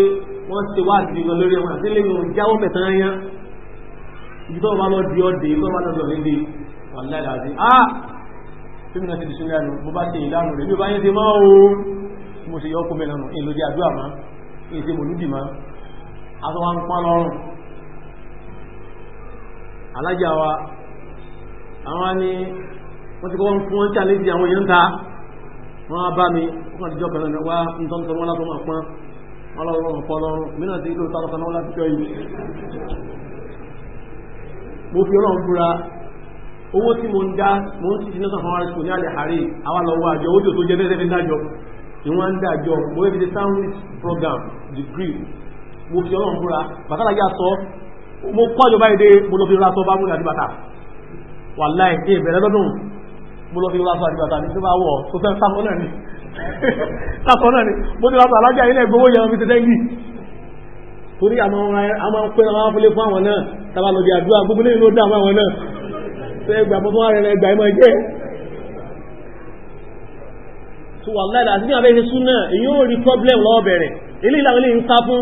wọ́n ti wá àti ìgbà lórí ẹ̀wọ̀n àti lẹ́yìn òun jáwọ́ mẹ́ta yányá ibi tó bá lọ di ọdẹ ibi tó bá lọ di ọdẹ wà láì láti á tí mi náà ti di sílẹ̀ nù mo bá ṣe ìlànà rẹ̀ bí ó bá yẹn ti máa o mo ṣe yọ ọkọ mẹ́lẹ̀ nù èlòdì àdúrà má èsì mòlúdì má àtọwà ń pa lọ́rùn alájà wa àwọn ni wọ́n ti kọ́ ń fún ọ́n tí àlejò àwọn èèyàn ń ta wọ́n á bá mi wọ́n kàn díjọ́ pẹ̀lú wa ń tọ́ ń tọ́ wọn lásán máa pọ́n wọn lọ rọrùn pọ́ lọ́rùn mí náà ti ló ta lọ́sàn náà lásìkò yìí mo fi ọlọ́run búra owó tí mo ń dá mo ń ṣiṣẹ́ náà fún arìsìkò ní alẹ́ àárẹ̀ àwa lọ wá àjọ ojú tó jẹ́ bẹ́ẹ̀ fẹ́ẹ́ dájọ́ ìwọ̀n ń dájọ́ mo fi program degree mo fi ọlọ́run búra bàtàlá yà sọ mo kọ́jọ báyìí dé mo lọ fi ra sọ bá múlẹ̀ àdìbàtà wàláì ní ìbẹ̀rẹ̀ lọ́dún mo lọ fi ra sọ àdìbàtà ní síbá wọ̀ tó fẹ́ sáfọ́ náà ni sáfọ́ náà ni mo ti ra sọ alájà ilẹ̀ ìgbowó yẹn fi tẹ́tẹ́ yìí torí àwọn ọmọ àwọn pé àwọn afọlé fún àwọn náà tàbá lọ bí àdúrà gbogbo lẹ́yìn ló dáhùn àwọn náà ṣe ẹgbà bọ́ fún ààrẹ ẹgbà ìmọ̀ jẹ́ tó wà láìda àti bí àbẹ́ ṣe náà èyí ó rí problem lọ́ọ́ bẹ̀rẹ̀ eléyìí làwọn eléyìí ń sá fún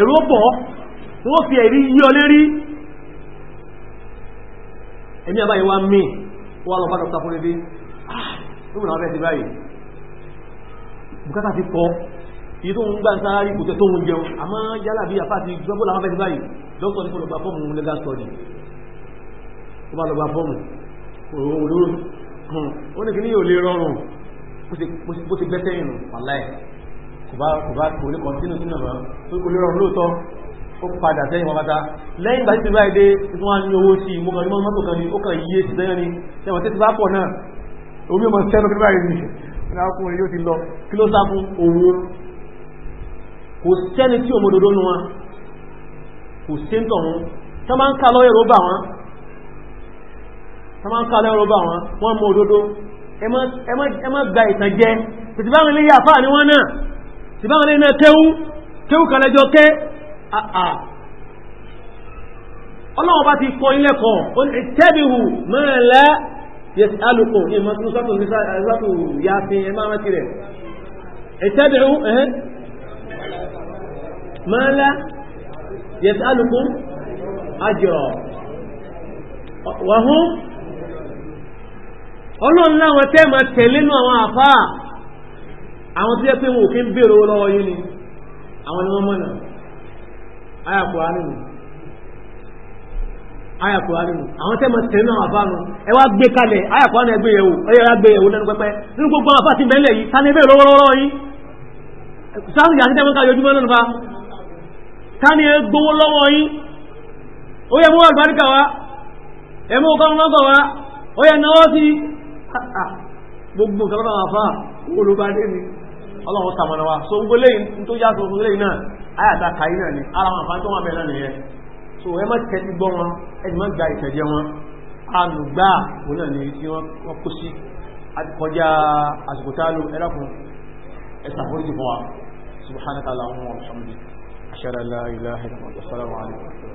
èrò pọ̀ wọ́n fi ẹ̀rí yí ọ lérí ẹ̀mí àbáyé wá mí wọ́n lọ bá dr fúnlẹ́dé ìwọ̀n àwọn ẹ̀sìn báyìí bùkátà ti pọ̀ iye tó ń gbà ń sáárì kò tẹ́ tó ń jẹun àmọ́ yálà bí apá ti gbọ́bọ́ làwọn ẹ̀sìn báyìí dókítà ní kò lọ gba fọ́ọ̀mù legal study ó bá lọ gba fọ́ọ̀mù òun ló ó ní kí ní yóò lè rọrùn bó ti gbẹ́sẹ̀ yìí nù kòbá kò lè kọ̀ntínú sínú ọ̀rọ̀ tó kò lè rọrùn lóòótọ́ ó padà sẹ́yìn wọn bàtà lẹ́yìn ìgbà títí báyìí dé tuntun wá ní owó sí i mo kàn ní mọ́tò kan ní ó kàn yíyé sí sẹ́yìn ni sẹ́wọ̀n títí bá pọ̀ náà omi ọmọ sẹ́nu kí báyìí nìyẹn ní ọkùnrin yóò ti lọ kí ló sá fún owó kò sẹ́ni tí òmòdodo nu wọn kò sí ń tọ̀hún tó máa ń ká lọ́yẹ̀ rọ́bà wọn tó máa ń ká lọ́yẹ̀ rọ́bà wọn wọ́n mọ òdodo ẹ má gba ìtàn jẹ tètè báwọn ilé yàfà ni wọ́n náà ìbáwọn ilẹ̀ kéwú kéwú kàlẹ́jọ ké àà ọlọ́wọ́ bá ti kọ ilẹ̀ kan ó ní ìtẹ́bìhù mẹ́rẹ̀lẹ́ yẹsì alùkò ní mọ́sánúsátò yáfin ẹ máa rántí rẹ̀ ìtẹ́bìhù mẹ́rẹ̀lẹ́ yẹsì alùkò ajọ̀ wàhún ọlọ́run láwọn tẹ́ máa tẹ̀lé nù àwọn àfáà àwọn tí yẹ pé wọn ò kí ń béèrè owó lọ́wọ́ yín ni àwọn ni wọ́n mọ̀nà ayàkùrá nínú ayàkùrá nínú àwọn tẹ́mọ̀ tẹ̀lé náà àbánu ẹ wá gbé kalẹ̀ ayàkùrá náà gbé yẹ̀wò ẹ yẹra gbé yẹ̀wò lẹ́nu pẹ́pẹ́ nínú gbogbo àwọn afáàtì mẹ́lẹ̀ yìí ta ni béèrè owó lọ́wọ́ yín sáàrùn yàtí tẹ́mọ̀ káyọ̀ ojúmọ́ lọ́nu fa ta ni gbowó lọ́wọ́ yín ó yẹ mú àgbáríkà wa ẹ mú ọkọ̀ ọmọ wa ó yẹ náwó sí gbogbo nǹkan lọ́wọ́ àfáà olùbádé ni ọlọ́run sàmọ̀nà wa so gbogbo lẹ́yìn tó yá sọ fún lẹ́yìn náà ayàtà kàí náà ni ara wọn àfáà tó wà bẹ́ẹ̀ nìyẹn so ẹ má tẹ́tí gbọ́ wọn ẹ sì má gba ìtẹ̀jẹ́ wọn alùgbà òun náà ni tí wọ́n kó sí kọjá àsìkò tá a lò ẹ dákun ẹ sàfóríjì fún wa subhanaka wa bihamdika ashhadu an la ilaha illa anta astaghfiruka wa